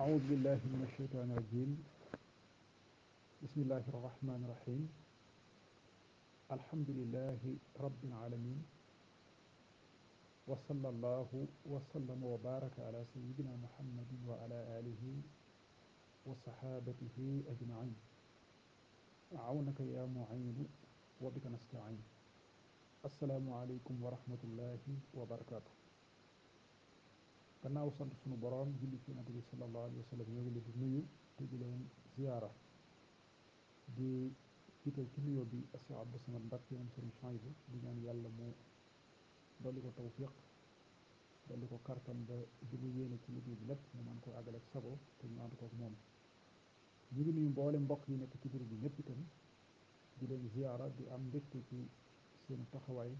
أعوذ بالله من الشيطان الرجيم بسم الله الرحمن الرحيم الحمد لله رب العالمين وصلى الله وسلم وبارك على سيدنا محمد وعلى آله وصحابته أجمعين عونك يا معين وبك نستعين السلام عليكم ورحمة الله وبركاته kannaaw sant sunu borom julli ci yonent bi sallallahu alayhi wa sallam ñoo ngi leen di nuyu te di leen ziyaara di jiital ci nuyoo bi Cheikh Abdou Samad Mbacké moom sëriñ Chouaïbou di ñaan yàlla mu dolli ko tawfiq dolli ko kartan ba di mu yéene ci liggéey bi lépp mu mën koo àggale ak sago te ñu ànd kook moom ñu ngi mboole mbokk yi nekk ci biir bi ñëpp itam di leen ziyaara di am mbégte ci seen taxawaay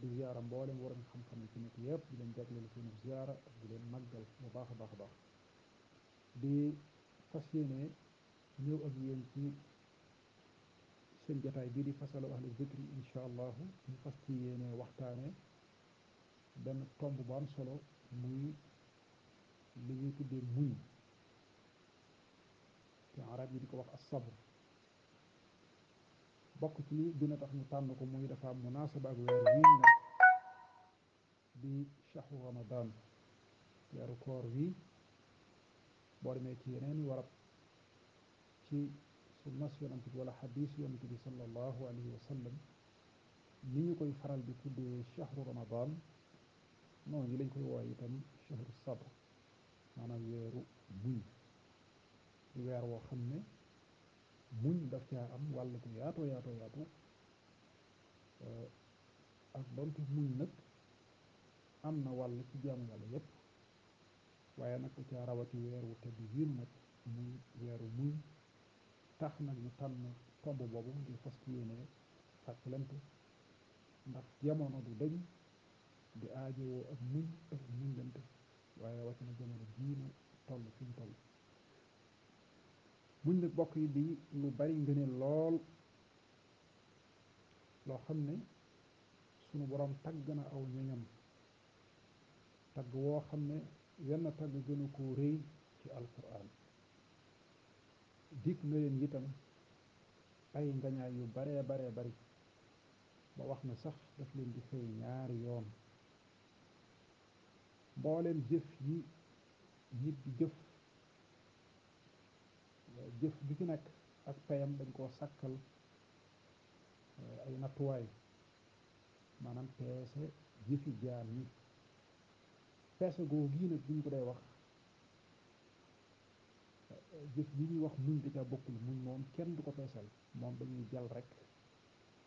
di ziara mboolem waroon xam-xam yi fi nekk yëpp di leen jagleel suñu ziara ak di leen màggal bu baax a baax baax di fas yéene ñëw ak yéen ci seen jataay bii di fasal ahlu zikri incha allahu ñu fas ci yéene waxtaane benn tomb bu am solo muy li ñuy tuddee muñ te arab yi di ko wax as sabr bokk ci li tax ñu tànn ko muy dafa am munaasaba ak weer wii nag bi shahru ramadan weeru koor wii boo demee ci yeneen warab ci sunnas yonent bi wala xadiis yonent bi sallallahu alayhi wa sallam ni koy faral di tuddee shahru ramadan noonu yi lañ koy wooye itam shahru sabr maanaam weeru muñ di weer woo xam ne muñ daf caa am wàll ku yaatoo yaatoo yaatu eh, ak donte muñ nag am na wàll ci jaamu yàlla yépp waaye nag ku caa rawati weeru te bi nag muy weeru muñ tax nag ñu tànn tomb boobu ngir fas yéene fàttalante ndax jamono du dañ di aajowoo ak muñ ak muñlante waaye rawatina jamono jii na toll fi mu toll muñ nag bokk yi di lu bari ngëneel lool loo xam ne sunu borom tagg na aw ñoñam tagg woo xam ne wenn tagg gënu ko rëy ci alquran dikk na leen itam ay ngañaay yu baree baree bari ba wax na sax daf leen di fay ñaari yoon mbooleem jëf yi nit di jëf jëf bi ci nekk ak payam dañ koo sàkkal eh, ay nattuwaay maanaam peese jëfi jaam yi peese goo gii nag bu ñu ko day wax eh, jëf bi ñuy wax muñ di ca bokkul muñ moom kenn du ko peesal moom dañuy jal rek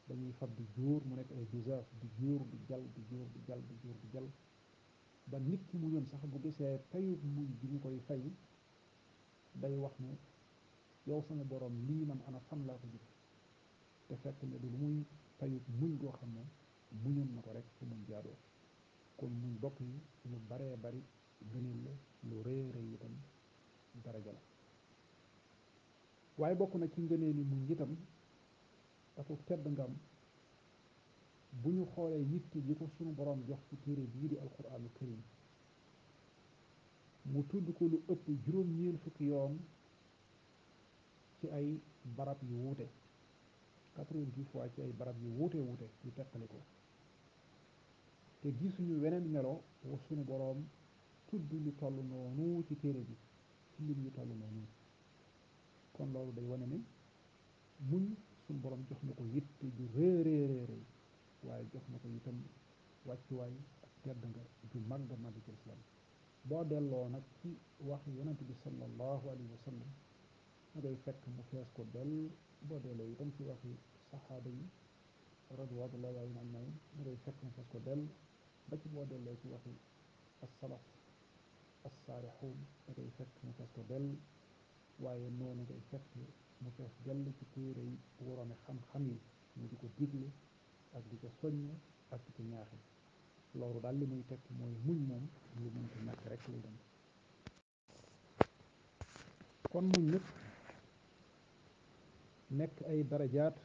dañuy fab di jóor mu nekk ay désert di jóor di jal di jóor di jal ba nit ki mu ñoon sax bu gisee payub muñ bi ñu koy fay day wax ne yow sama boroom lii man ana fan laa ko jóg te fekk ne du muy payut muñ goo xam ne muñoon na ko rek te muñ jaadoo kon muñ bokk yi lu baree bari gëneel la lu rëy rëy itam daraja la waaye bokk na ci ngëneeli muñ itam dafa tedd ngam bu ñu xoolee yitte ji ko sunu borom jox ci téere bii di alquraanu karim mu tudd ko lu ëpp juróom-ñeent fukki yoon ci ay barab yu wuute quatre-vingt-dix ci ay barab yu wuute wuute yu teqaliko te gisuñu weneen melo wa suñu boroom tudd lu toll noonu ci téere bi ci lim yu toll noonu kon loolu day wone ni muñ suñu boroom jox na ko yitte ju réeréeréeréy waaye jox na ko itam wàccuwaay ak tedd nga ju mag nga mag ci boo delloo nag ci wax yonent bi sallallahu alayhi wa sallam day fekk mu fees ko dell boo deelee itam ci waxi saxaaba yi radiyallaahu anhum ajmaïn mu day fekk mu fees ko dell ba ci boo deelee ci waxi as-salaf as-saalixuun da fekk mu fees ko dell waaye noonu day fekk mu fees dell ci téere yi woroomi xam-xam yi ñu di ko digle ak di ko soññ ak di ko ñaaxe loolu daal li muy tekki mooy muñ moom lu mënta ñàkk rek lay dem kon muñ nag nekk ay darajaat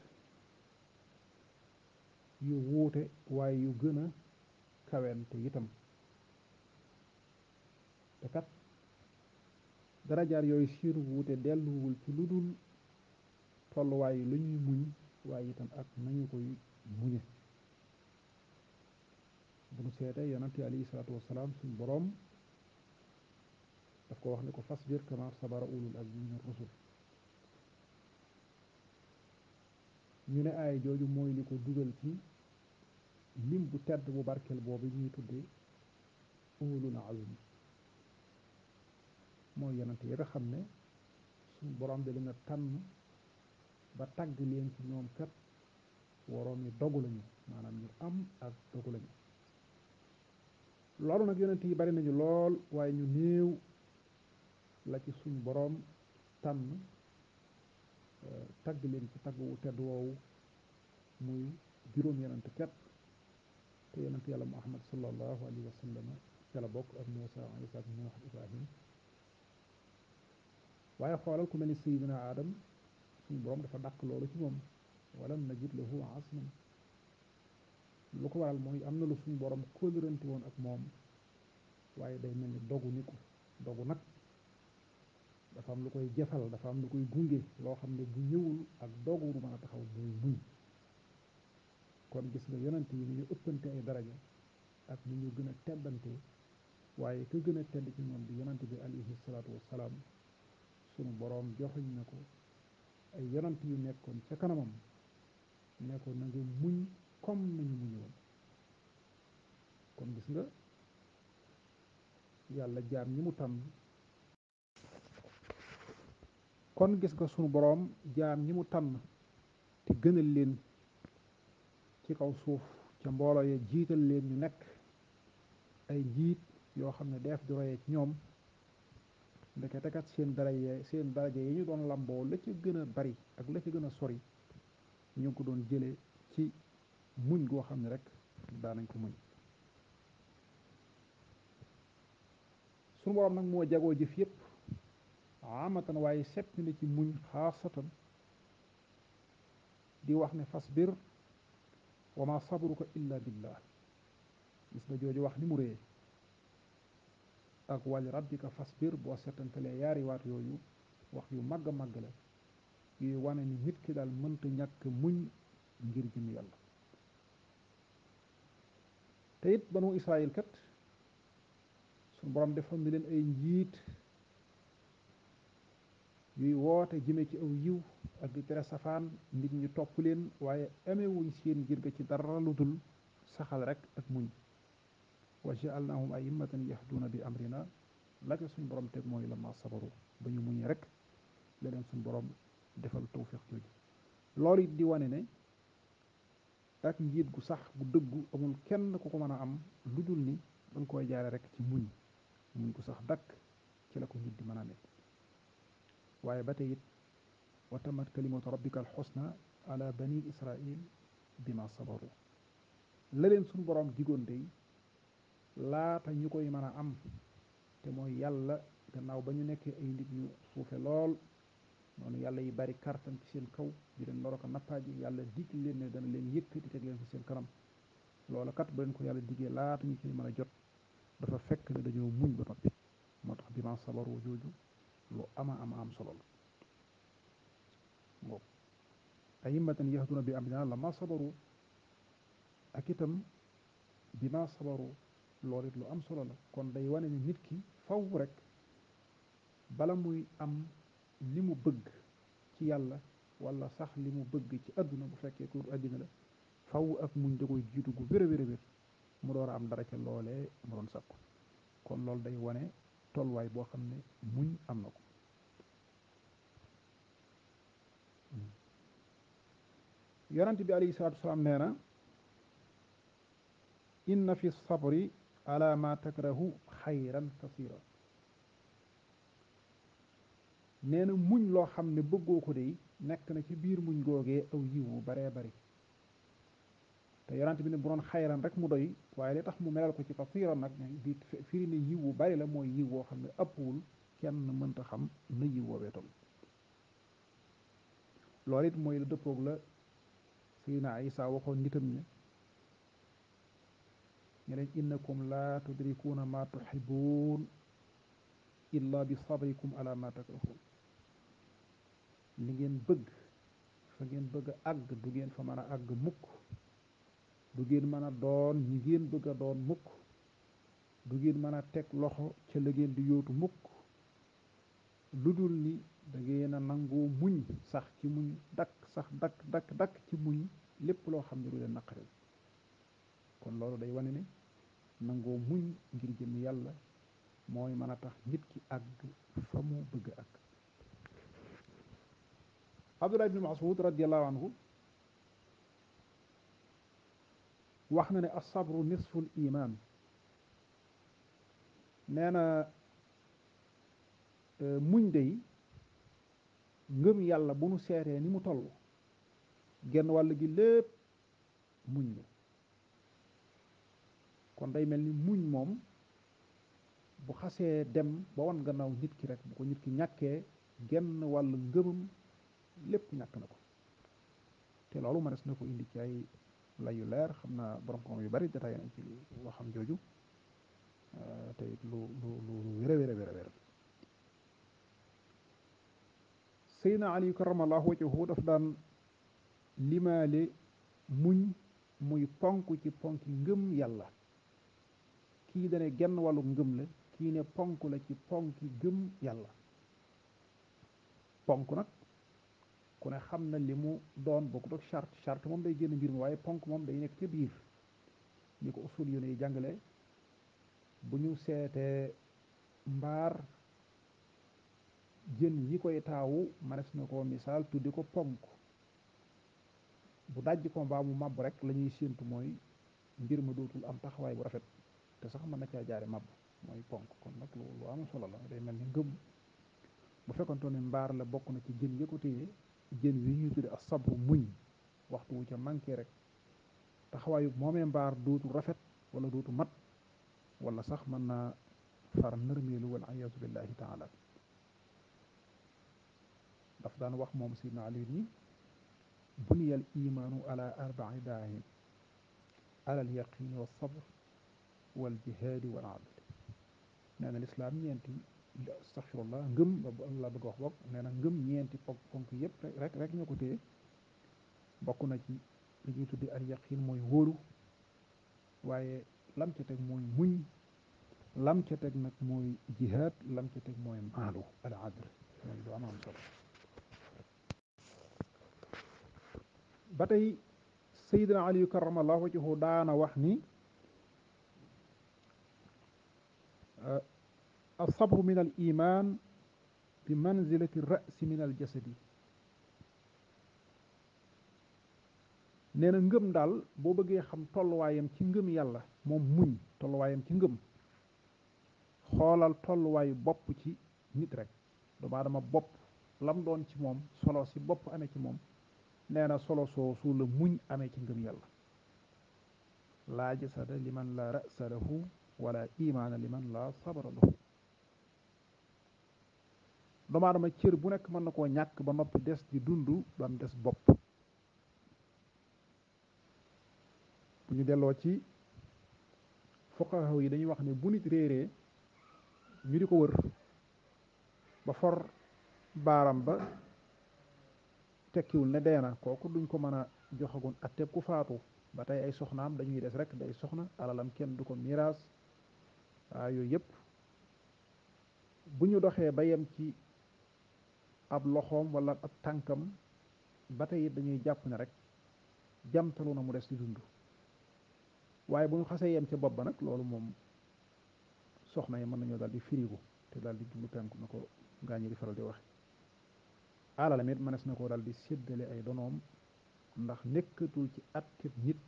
yu wuute waaye yu gën a kawente itam te kat darajaat yooyu siir wuute delluwul ci lu dul tolluwaay yi la muñ waaye itam ak nañu koy muñe bu nu seetee yonent yi alayhi salaatu wasalaam suñ boroom daf ko wax ne ko fasbir kama sabara ulul azmi min rusul ñu ne ay jooju mooy li ko dugal ci lim bu tedd bu barkeel boobu ñuy tuddee ulul azmi mooy yonent yi nga xam ne suñ borom bi dina tànn ba tagg leen ci ñoom kat waroon ñu dogu lañu maanaam ñu am ak dogu lañu loolu nag yonent yi bari nañu lool waaye ñu néew la ci suñu borom tànn tagg leen ci tagg wu tedd woowu muy juróom yonent képp te yonent yàlla Muhammad sallallahu alayhi wa sallam ca la bokk ak Muusa Isa ak Nuux waaye xoolal ku mel ni Seydina Adam suñu borom dafa dàq loolu ci moom walam najid lahu asman lu ko waral mooy am na lu suñu borom kóllërante woon ak moom waaye day mel ni dogu ni ko dogu nag dafa am lu koy jëfal dafa am lu koy gunge loo xam ne bu ñëwul ak doogu du taxaw buy buy kon gis nga yonent yi ni ñu ëppante ay daraja ak ni ñu gën a teddante waaye ka gën a tedd ci ñoom bi yonent bi alayhi salaatu wassalaam sunu boroom joxuñ na ko ay yonent yu nekkoon ca kanamam nekkoon ko na nga muñ comme nañu muñu kon gis nga yàlla jaam ñi mu tànn kon gis nga sunu boroom jaan ñi mu tànn te gënal leen ci kaw suuf ca mbooloo ya jiital leen ñu nekk ay njiit yoo xam ne def du roye ci ñoom ndekete kat seen daraje seen daraje yi ñu doon lamboo la ci gën a bari ak la ci gën a sori ñu ngi ko doon jële ci muñ goo xam ne rek daanañ ko muñ sunu boroom nag moo jagoo jëf yépp amatan waaye sepp na ci muñ xaasatan di wax ne fasbir wa ma sabruka illa billah gis nga jooju wax ni mu réye ak wali rabbika fasbir boo setantalee yaari waat yooyu wax yu magg a màgg la yuy wane nit ki daal mënta ñakk muñ ngir jëm yàlla te it banu israil kat suñu borom defal ni leen ay njiit ñuy woote jëme ci aw yiw ak di tere safaan nit ñi topp leen waaye amewuñ seen jir ga ci dara lu dul saxal rek ak muñ wa jaalnaahum a'immatan na bi amrina la ca suñ borom teg mooy la ma sabaru ba ñu muñee rek la leen suñ borom defal tawfiq jooju loolu it di wane ne ak njiit gu sax gu dëggu amul kenn ku ko mën a am lu dul ni danga koy jaare rek ci muñ muñ gu sax dakk ci la ko njiit di mën a nekk waaye ba tey it wa tamat kalimatu rabbika alxusna ala bani israil bima sabaru la leen suñu boroom de dey laata ñu koy mën a am te mooy yàlla gannaaw ba ñu nekkee ay nit ñu suufe lool noonu yàlla yi bari kartan ci seen kaw di leen loro ko nappaaji yàlla dig leen ne dana leen yëkkati teg leen ci seen kanam loola kat ba leen ko yàlla digee laata ñu ci mën jot dafa fekk ne dañoo muñ ba noppi moo tax bi ma sabaru jooju lu ama ama am solo la ngoog ayimmatan yahduna bi amrina ma sabaru ak itam bima sabaru loolu it lu am solo la kon day wane ni nit ki faw rek bala muy am li mu bëgg ci yàlla wala sax li mu bëgg ci àdduna bu fekkee ku àddina la faw ak muñ da koy jiitu gu wér a wér a wér mu a am dara ca loolee mu doon sakku kon loolu day wane tolluwaay boo xam ne muñ am na ko yonent bi alayhi salaatu wasalaam nee na inna fi sabri ala takrahu xayran kasira nee na muñ loo xam ne bëggoo ko dey nekk na ci biir muñ googee aw yiw wu baree bari te bi ne bu doon xayran rek mu doy waaye li tax mu melal ko ci kasiiran nag di firi ne yiw bari la mooy yiw woo xam ne ëppwul kenn mënta xam na yiw woowee loolu it mooy la dëppoog la Seydina Isa waxoon nitam ne ñu leen innakum la tudrikuuna ma tuhibuun illa bi sabrikum ala ma takrahuun li ngeen bëgg fa ngeen bëgg àgg du ngeen fa mën a àgg mukk du ngeen mën a doon ñi ngeen bëgg a doon mukk du ngeen mën a teg loxo ca la ngeen di yootu mukk lu dul ni da ngeen a nangoo muñ sax ci muñ dakk sax dakk dakk dakk ci muñ lépp loo xam ne du leen naqari kon loolu day wane ne nangoo muñ ngir jëm yàlla mooy mën a tax nit ki àgg fa mu bëgg àgg Abdullah ibn Mas'ud radiyallahu wax na ne a asabru nisful imaan nee na e, muñ dey ngëm yàlla bu nu seetee ni mu toll genn wàll gi lépp muñ la kon day mel ni muñ moom bu xasee dem ba wan gannaaw nit ki rek bu ko nit ki ñàkkee genn wàll ngëmam lépp ñàkk na ko te loolu mënees na ko indi ci la yu leer xam naa borom xam yu bari détaillé nañ ci waxam jooju euh, te it lu lu lu wér a wér a wér a wér Seydina Ali karamallahu wajhahu daf muñ muy ponk ci ponk ngëm yàlla kii dane genn wàllu ngëm la kii ne ponk la ci ponk gëm yàlla ponk nag ku ne xam na li mu doon bokkut ak charte charte moom day génn mbir mi waaye ponk moom day nekk ca biir ñi ko usul yoon yi jàngale bu ñu seetee mbaar jën yi koy taawu manes na ko misaal tuddi ko ponk bu dajj ko mbaa mu màbb rek lañuy ñuy séentu mooy mbir ma dootul am taxawaay bu rafet te sax mën na caa jaare màbb mooy ponk kon nag loolu am solo la day mel ni ngëm bu fekkontoon ne mbaar la bokk na ci jën yi ko téye jën wi ñuy tudde ak sabru muñ waxtu wu ca manqué rek taxawaayu moomee mbaar dootu rafet wala dootu mat wala sax mën naa far nërmeelu wala ayaasu billahi taala daf daan wax moom sidna Ali ni buniyal imaanu ala arbai daahim ala al yaqini wa sabr wal jihaadi wal adl nee na lislaam ñeenti astaghfirullah ngëm ñeenti ponk ponk yëpp rek rek ñoo ko na ci li ñuy tuddi mooy wóolu waaye lam ca teg mooy muñ lam ca teg nag mooy jihaad lam ca teg mooy maalu al adr mooy lu am am solo ba tey daana wax ni a الصبر من الإيمان بمنزلة الرأس من الجسد nee na ngëm daal boo bëggee xam tolluwaayam ci ngëm yàlla moom muñ tolluwaayam ci ngëm xoolal tolluwaayu bopp ci nit rek doomu aadama bopp lam doon ci moom solo ci bopp amee ci moom nee na solo soosu la muñ amee ci ngëm yàlla laa jasada liman la ra'sa wala imaana liman la sabara lahu doomu aadama cër bu nekk mën na koo ñàkk ba noppi des di dund ba mu des bopp bu ñu delloo ci fuqaha yi dañuy wax ne bu nit réeree ñu di ko wër ba for baaram ba tekkiwul ne dee na kooku duñ ko mën a joxagun atteb ku faatu ba tey ay soxnaam dañuy des rek day soxna alalam kenn du ko miraas waaye yooyu yëpp bu ñu doxee ba yem ci ab loxoom walla ab tànkam ba tey dañuy jàpp ne rek jamtalu na mu des di dund waaye bu ñu xasee yem ca bopp ba nag loolu moom soxna yi mën nañoo daal di firigu te daal di jublu penku na ko ngaa ñi di faral di waxe alalam it na koo daal di séddale ay donoom ndax nekkatul ci at nit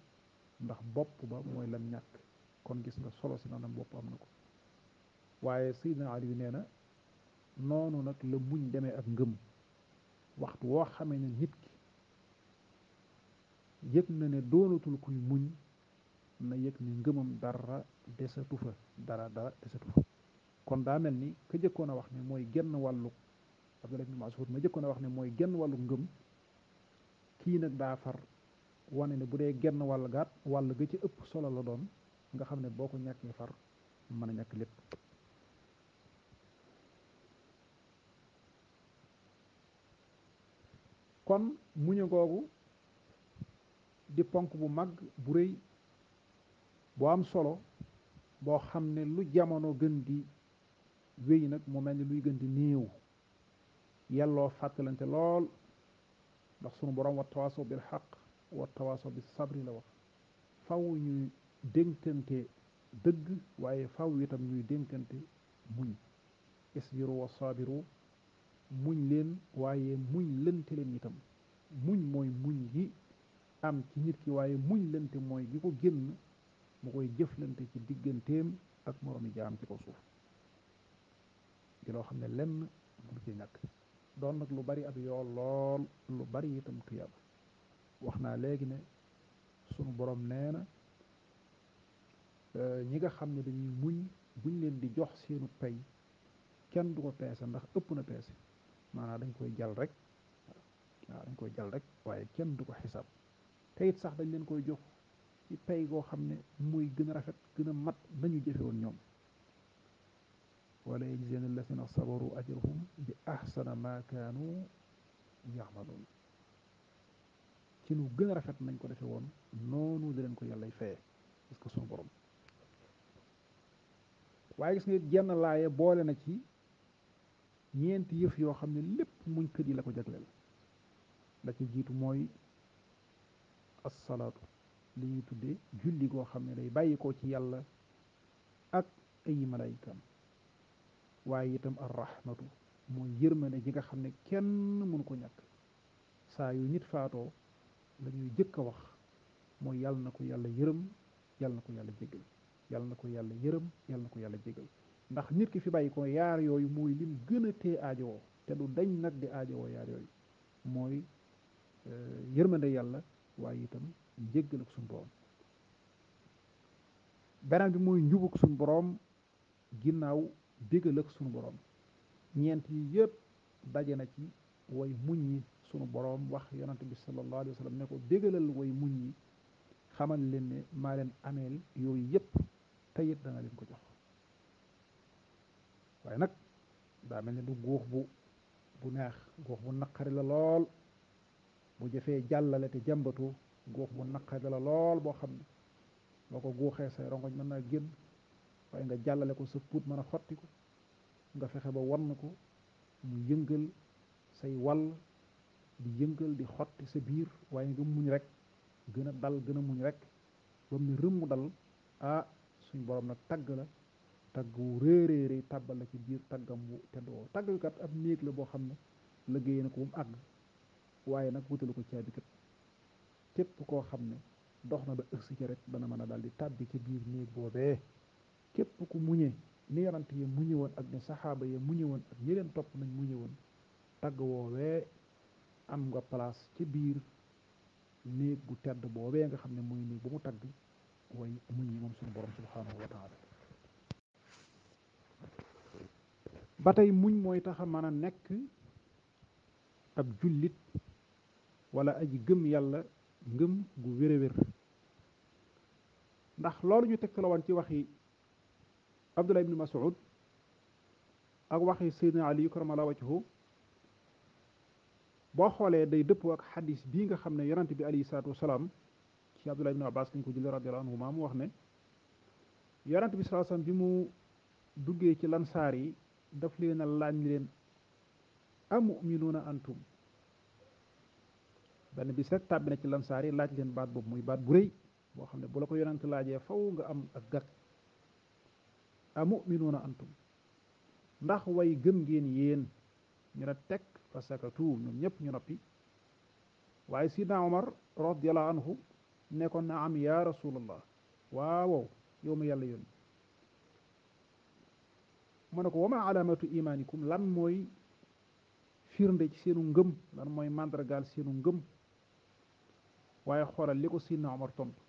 ndax bopp ba mooy lam ñàkk kon gis nga solo si na bopp am na ko waaye Seydina Aliou nee na noonu nag la muñ demee ak ngëm waxtu woo xamee ne nit ki yëg na ne doonatul kuy muñ na yëg ne ngëmam dara desatu fa dara dara desatu fa kon daa mel ni ka jëkkoon a wax ne mooy genn wàllu Abdullah ibn ma jëkkoon wax ne mooy genn wàllu ngëm kii nag daa far wane ne bu dee genn wàll gaat wàll ga ci ëpp solo la doon nga xam ne boo ko ñàkkee far mën a ñàkk lépp kon muñu googu di ponk bu mag bu rëy bu am solo boo xam ne lu jamono gën di wéy nag mu mel ni luy gën di néew yelloo fàttalante lool ndax sunu borom wa tawaaso bil xaq wa tawaaso bi sabri la wax faw ñuy dénkante dëgg waaye faw itam ñuy dénkante muñ isbiru wa saabiru muñ leen waaye muñ lënte leen itam muñ mooy muñ gi am ci nit ki waaye muñ lënte mooy gi ko génn mu koy jëflante ci digganteem ak moromi jaam ci ko suuf di loo xam ne lenn mënu ci ñàkk doon nag lu bari ab yool lool lu bari itam tuyaaba wax naa léegi ne sunu borom nee na euh, ñi nga xam ne dañuy muñ buñ leen di jox seenu pey kenn du ko peese ndax ëpp na peese maanaam dañ koy jal rek waaw dañ koy jal rek waaye kenn du ko xisaab te it sax dañ leen koy jox ci pay goo xam ne muy gën a rafet gën a mat nañu jëfe woon ñoom wala yajziyana allazina sabaru ajrahum bi ahsana ma kaanu ci nu gën a rafet nañ ko defe woon noonu di leen ko yàllay fayee parce que suñu borom waaye gis nga jenn laaye boole na ci ñeenti yëf yoo xam ne lépp muñ kër yi la ko jagleel la ci jiitu mooy assalaatu li ñuy tuddee julli goo xam ne day bàyyi ko ci yàlla ak ay malaayikaam waaye itam arrahmatu mooy yërmande ji nga xam ne kenn mënu ko ñàkk saa yu nit faatoo la jëkk a wax mooy yàlla na ko yàlla yërëm yàlla na ko yàlla jégal yàlla na ko yàlla yërëm yàlla na ko yàlla jégal ndax nit ki fi bàyyi ko yaar yooyu mooy lim gën a tee aajowoo te du dañ nag di aajowoo yaar yooyu mooy euh, yërmande yàlla waaye itam njëggal ak suñu borom beneen bi mooy njubug suñu boroom ginnaaw bégal ak sunu borom ñeent yi yëpp daje na ci way muñ ñi sunu borom wax yonante bi sallallahu alayhi wa sallam ne ko bégalal way muñ ñi xamal leen ne maa leen ameel yooyu yëpp te it dana leen ko jox waaye nag daa mel ne du góox bu bu neex góox bu naqari la lool boo jëfee jàllale te jàmbatu góox bu naqari la lool boo xam ne boo ko góoxee say rongoñ mën naa génn waaye nga jàllale ko sa puut mën a xotti ko nga fexe ba wann ko mu yëngal say wàll di yëngal di xotti sa biir waaye nga muñ rek gën a dal gën a muñ rek ba mu ne rëmm dal ah suñ borom nag tagg la tagg wu réeréer yi tàbbal la ci biir taggam wu tedd woowu taggkat ab néeg la boo xam ne liggéey na ko mu àgg waaye nag wutalu ko caabi kat képp koo xam ne dox na ba ëgsi ci rek dana mën a daal di tàbbi ci biir néeg boobee képp ku muñe ni yonante yi muñe woon ak ni saxaaba yi mu ñëwoon ak ñi leen topp nañ muñe woon tagg woowee am nga place ci biir néeg bu tedd boobee nga xam ne muy néeg bu mu tagg way muñ yi moom suñu borom subhanahu wa ba tey muñ mooy tax a mën a nekk ab jullit wala aji gëm yàlla ngëm gu wér-wér ndax loolu ñu tegtale woon ci wax waxi Abdullah ibn Mas'ud ak waxi Seydina Ali karamallaahu wajhahu boo xoolee day dëpp ak xadis bii nga xam ne yonent bi alayhi salaatu salaam ci Abdullah ibn Abbas lañ ko jëlee radiyallaahu anhu mu wax ne yonent bi salaam bi mu duggee ci lansaar yi daf leen a laaj leen amuminuuna antum benn bis rek tàbbi na ci lansaar yi laaj leen baat boobu muy baat bu rëy boo xam ne bu la ko yonent laajee faw nga am ak gàkk amuminuuna antum ndax way gën ngeen yéen ñu ne teg fa sakatu ñoom ñëpp ñu noppi waaye sidna omar radiallahu anhu ne ko naam ya rasulallah waawow yow ma yàlla yoon mu ne ko wama alaamatu imaanikum lan mooy firnde ci seenu ngëm lan mooy màndargaal seenu ngëm waaye xoolal li ko Sidna Omar tontu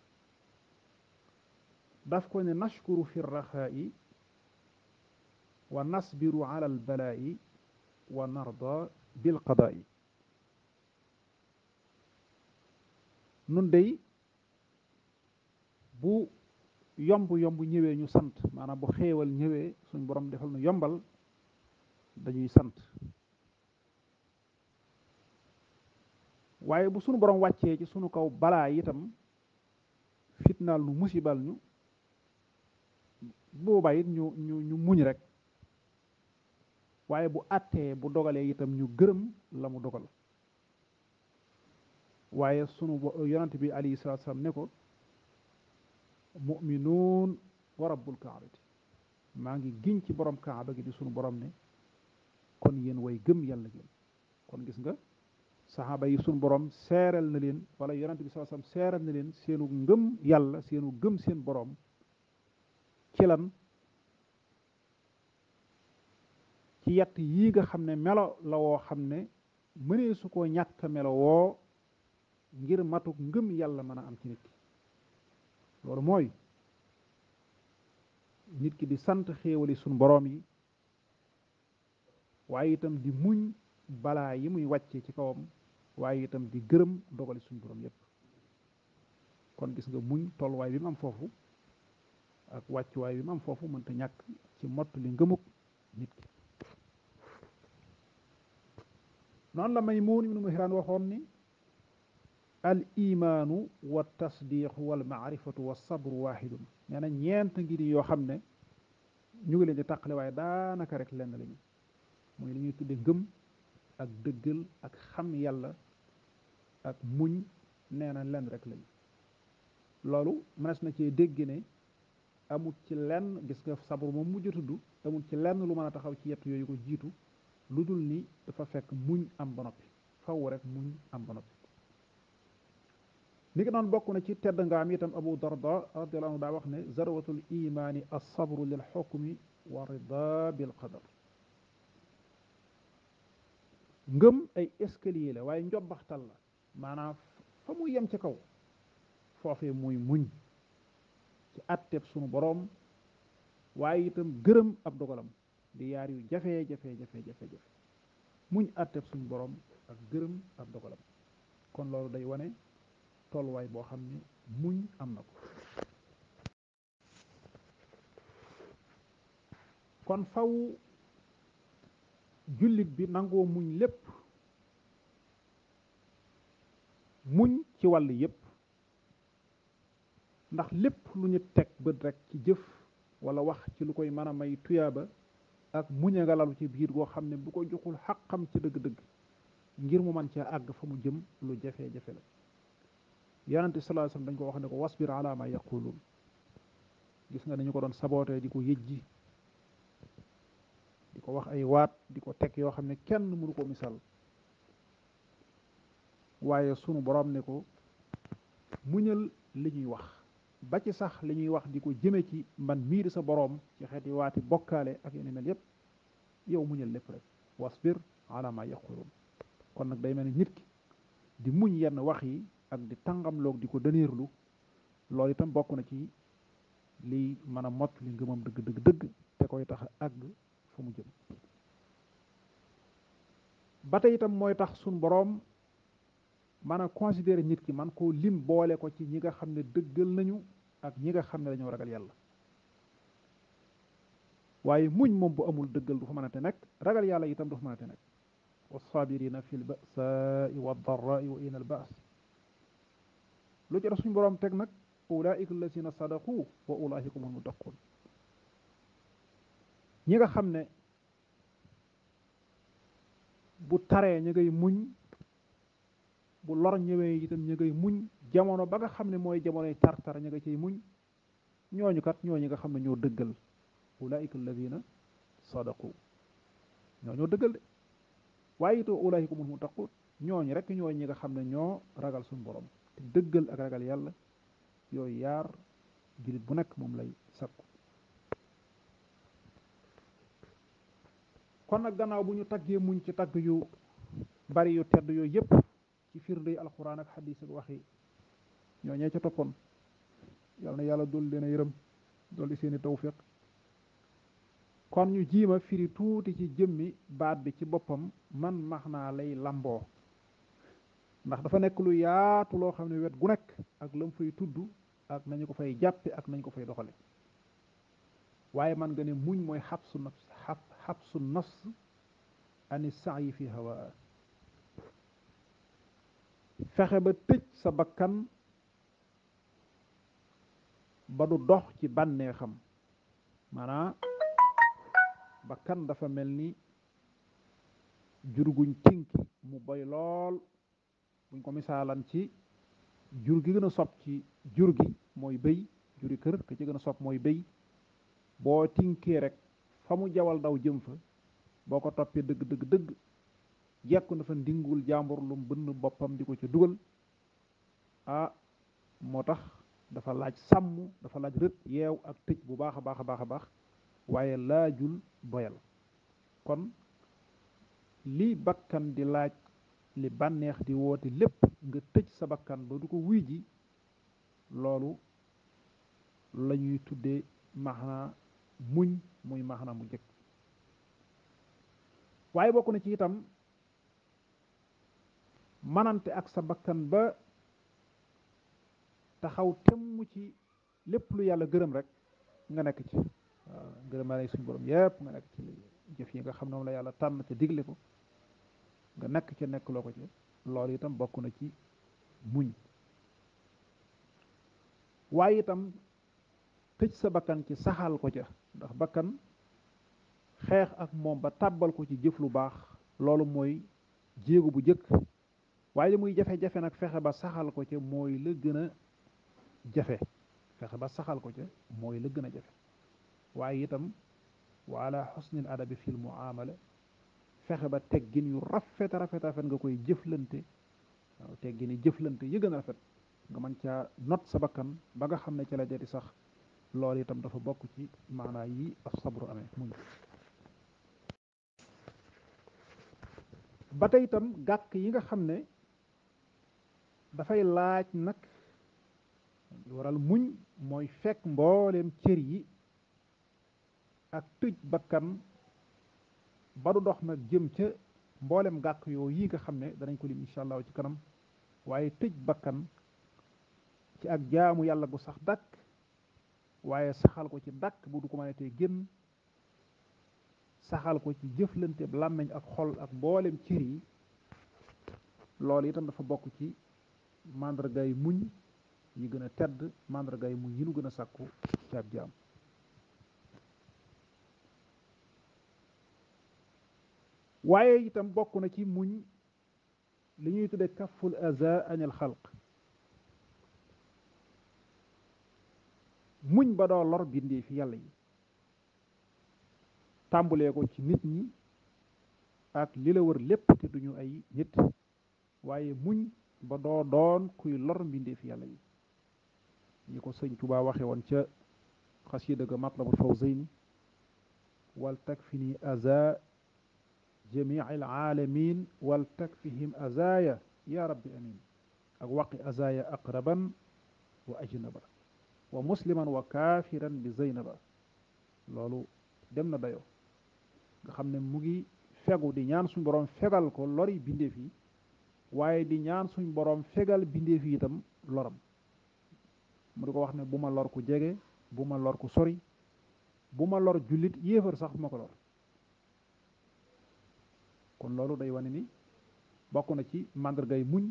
daf ko ne nashkuru fi raxaa'i wa nasbiru ala albalaa'i wa narda bil qadaa'i nun dey bu yomb yomb ñëwee ñu sant maanaam bu xéewal ñëwee suñ boroom defal nu yombal dañuy sant waaye bu suñu borom wàccee ci suñu kaw balaa itam fitnaal nu musibal ñu boobaa it ñu ñu muñ rek waaye bu àttee bu dogalee itam ñu gërëm la mu dogal waaye sunu yonent bi alayhi salaatu salaam ne ko muminuun wa rabbul kaabati maa ngi giñ ci boroom kaaba gi di sunu borom ne kon yéen way gëm yàlla ngeen kon gis nga saxaaba yi sunu boroom seeral na leen wala yonent bi sallallahu alayhi wasallam seeral na leen seenu ngëm yàlla seenu gëm seen boroom ci lan ci yett yii nga xam ne melo la woo xam ne mënee su ko ñàkk melo woo ngir matuk ngëm yàlla mën a am ci nit loolu mooy nit ki di sant xéewali suñ boroom yi waaye itam di muñ balaa yi muy wàcce ci kawam waaye itam di gërëm dogali suñ boroom yépp kon gis nga muñ tolluwaay bi mu am foofu ak wàccuwaay bi mu am foofu mënta ñàkk ci mott li ngëmuk nit ki noonu la Maymuun ibnu Mihran waxoon ni al imaanu wa tasdiqu wal maarifatu wa sabru waahidun nee ñeent ngi di yoo xam ne ñu ngi leen di tàqale waaye daanaka rek lenn lañu mooy li ñuy tudde ngëm ak dëggal ak xam yàlla ak muñ nee na lenn rek lañu loolu mënees na cee dégg ne amul ci lenn gis nga sabru moom mujj tudd amul ci lenn lu mën a taxaw ci yett yooyu ko jiitu lu dul nii dafa fekk muñ am ba noppi faw rek muñ am ba li ko noon bokk na ci tedd ngaam itam abu darda radiallahu anhu daa wax ne zarwatul imaani alsabru lil xukmi wa rida bil qadar ngëm ay escalier la waaye njobbaxtal la maanaam fa muy yem ci kaw foofee muy muñ ci atteb sunu boroom waaye itam gërëm ab dogalam di yaar yu jafe jafe jafe jafe muñ atteb sunu borom ak gërëm ab dogalam kon loolu day wane tolluwaay boo xam ni muñ am na ko kon faw jullit bi nangoo muñ lépp muñ ci wàll yépp ndax lépp lu ñu teg bët rekk ci jëf walla wax ci lu koy mën a may tuyaaba ak muñ a ngalalu ci biir goo xam ne bu ko joxul xaqam ci dëgg-dëgg ngir mu mën cee àgg fa mu jëm lu jafe-jafe la yonente sallallahu alayhi wasallam dañ ko wax ne ko wasbir ala ma yaqulun gis nga dañu ko doon sabootee di ko yëjji di ko wax ay waat di ko teg yoo xam ne kenn mënu ko misal waaye sunu boroom ne ko muñal li ñuy wax ba ci sax li ñuy wax di ko jëme ci man mii sa boroom ci xeeti waati bokkaale ak yeneen mel yépp yow muñal lépp rek wasbir ala ma kon nag day mel ni nit ki di muñ yenn wax yi ak di tàngamloog di ko dëneerlu loolu itam bokk na ci liy mën a mot li ngëmam dëgg dëgg dëgg te koy tax àgg fu mu jëm ba tey itam mooy tax suñ boroom mën a considérer nit ki man koo lim boole ko ci ñi nga xam ne dëggal nañu ak ñi nga xam ne dañoo ragal yàlla waaye muñ moom bu amul dëggal du fa mën a te nekk ragal yàlla itam du fa mën a te nekk wassaabirina fi lbasai wa darrai wa ina al baas lu ci def suñu boroom teg nag ulaika allazina sadaqu wa ulaika humul muttaqun ñi nga xam ne bu taree ña muñ bu lor ñëwee itam ña muñ jamono ba nga xam ne mooy jamonoy tar ña nga ciy muñ ñooñu kat ñooñu nga xam ne ñoo dëggal ulaika alladina sadaqu ñoo ñoo dëggal de waaye itoo ulaika humul muttaqun ñooñu rek ñooñu ñi nga xam ne ñoo ragal suñu borom te dëggal ak ragal yàlla yooyu yaar jullit bu nekk moom lay sakku kon nag gannaaw bu ñu taggee muñ ci tagg yu bari yu tedd yooyu yépp ci firnde alxuraan ak xadiis ak waxi ñoo ñee ca toppoon yal na yàlla dool leen a yërëm dool seeni tawfiq kon ñu jiima firi tuuti ci jëmmi baat bi ci boppam man max naa lay lamboo ndax dafa nekk lu yaatu loo xam ne wet gu nekk ak lam fay tudd ak nañu ko fay jàppe ak nañu ko fay doxale waaye man nga ne muñ mooy xabsu nafs xabsu nafs yi saayi fi hawa fexe ba tëj sa bakkan ba du dox ci bànnee xam maanaam bakkan dafa mel ni jurguñ tinki mu boy lool buñ ko misaalan ci jur gi gën a sopp ci jur gi mooy béy juri kër ka ci gën a sopp mooy béy boo tinkee rek fa mu jawal daw jëm fa boo ko toppee dëgg dëgg yekku na fa ndingul jàmbur lum bënn boppam di ko ca dugal ah moo tax dafa laaj sàmm dafa laaj rët yeew ak tëj bu baax a baax a baax a baax waaye laajul boyal kon lii bakkan di laaj li bànneex di woote lépp nga tëj sa bakkan ba du ko wuy ji loolu lañuy tuddee maxanaa muñ muy maxanaa mu jëkk waaye bokk na ci itam manante ak sa bakkan ba taxaw temm ci lépp lu yàlla gërëm rek nga nekk ci waaw gërëmaa suñu borom yépp nga nekk ci jëf yi nga xam ne moom la yàlla tànn te digle ko nga nekk ca nekk loo ko ci loolu itam bokk na ci muñ waaye itam tëj sa bakkan ci saxaal ko ca ndax bakkan xeex ak moom ba tàbbal ko ci jëf lu baax loolu mooy jéego bu jëkk waaye li muy jafe-jafe nag fexe ba saxal ko ca mooy la gën a jafe fexe ba saxal ko ca mooy la gën a jafe waaye itam wa ala xusnil adabi fil muamala fexe ba teggin yu rafet rafet rafet nga koy jëflante waaw teggini jëflante yi rafet nga man caa not sa bakkan ba nga xam ne ca la jati sax loolu itam dafa bokk ci maanaa yi ak sabru amee muñ ba tey itam gàkk yi nga xam ne dafay laaj nag waral muñ mooy fekk mbooleem cër yi ak tëj bakkan ba du dox nag jëm ca mboolem gàkk yoo yi nga xam ne danañ ko lim incha allah ci kanam waaye tëj bakkan ci ak jaamu yàlla gu sax dàkk waaye saxal ko ci dàkk bu du ko mënatee génn saxal ko ci jëflante làmmiñ ak xol ak mboolem cër yi loolu itam dafa bokk ci màndargaay muñ yi gën a tedd màndargaay muñ yi nu gën a sàkku ci ab jaam waaye itam bokk na ci muñ li ñuy tudde kaful aza anil xalq muñ ba doo lor bindee fi yàlla yi tàmbulee ko ci nit ñi ak li la wër lépp te duñu ay nit waaye muñ ba doo doon kuy lor mbindee fi yàlla yi ñi ko sëñ Tuubaa waxe woon ca xasida ga Matlabul Fawzayni wal takfini aza جميع العالمين ولتكفهم أزايا يا رب أمين ak waqi azaya aqraban wa ajnaba wa musliman wa kaafiran bi zeynaba loolu dem na dayoo nga xam ne mu ngi fegu di ñaan suñ boroom fegal ko lori bindeef yi waaye di ñaan suñ boroom fegal bindeef yi itam loram mu di ko wax ne bu ma lor ku jege bu ma lor ku sori bu ma lor jullit yéefar sax bu ma ko lor kon loolu day wane ni bokk na ci màndargay muñ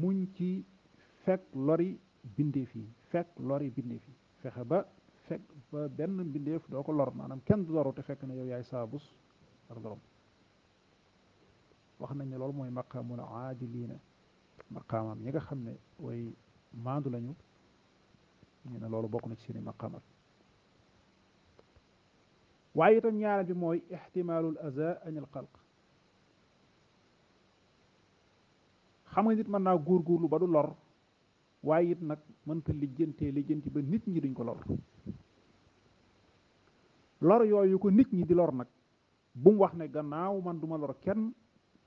muñ ci fekk lori bindeef yi fekk lori bindeef yi fexe ba fekk ba benn mbindeef doo ko lor maanaam kenn du loru te fekk na yow yaay saabus ak lorom wax nañ ne loolu mooy maqaamul aadiliina maqaamaam ñi nga xam ne way maandu lañu ñu ne loolu bokk na ci seeni maqaamat waaye itam ñaareel bi mooy ixtimaalul aza anil xalq xam nga nit mën naa góorgóorlu ba du lor waaye it nag mënta lijjantee lijjanti ba nit ñi duñ ko lor lor yooyu ko nit ñi di lor nag bu wax ne gannaaw man duma lor kenn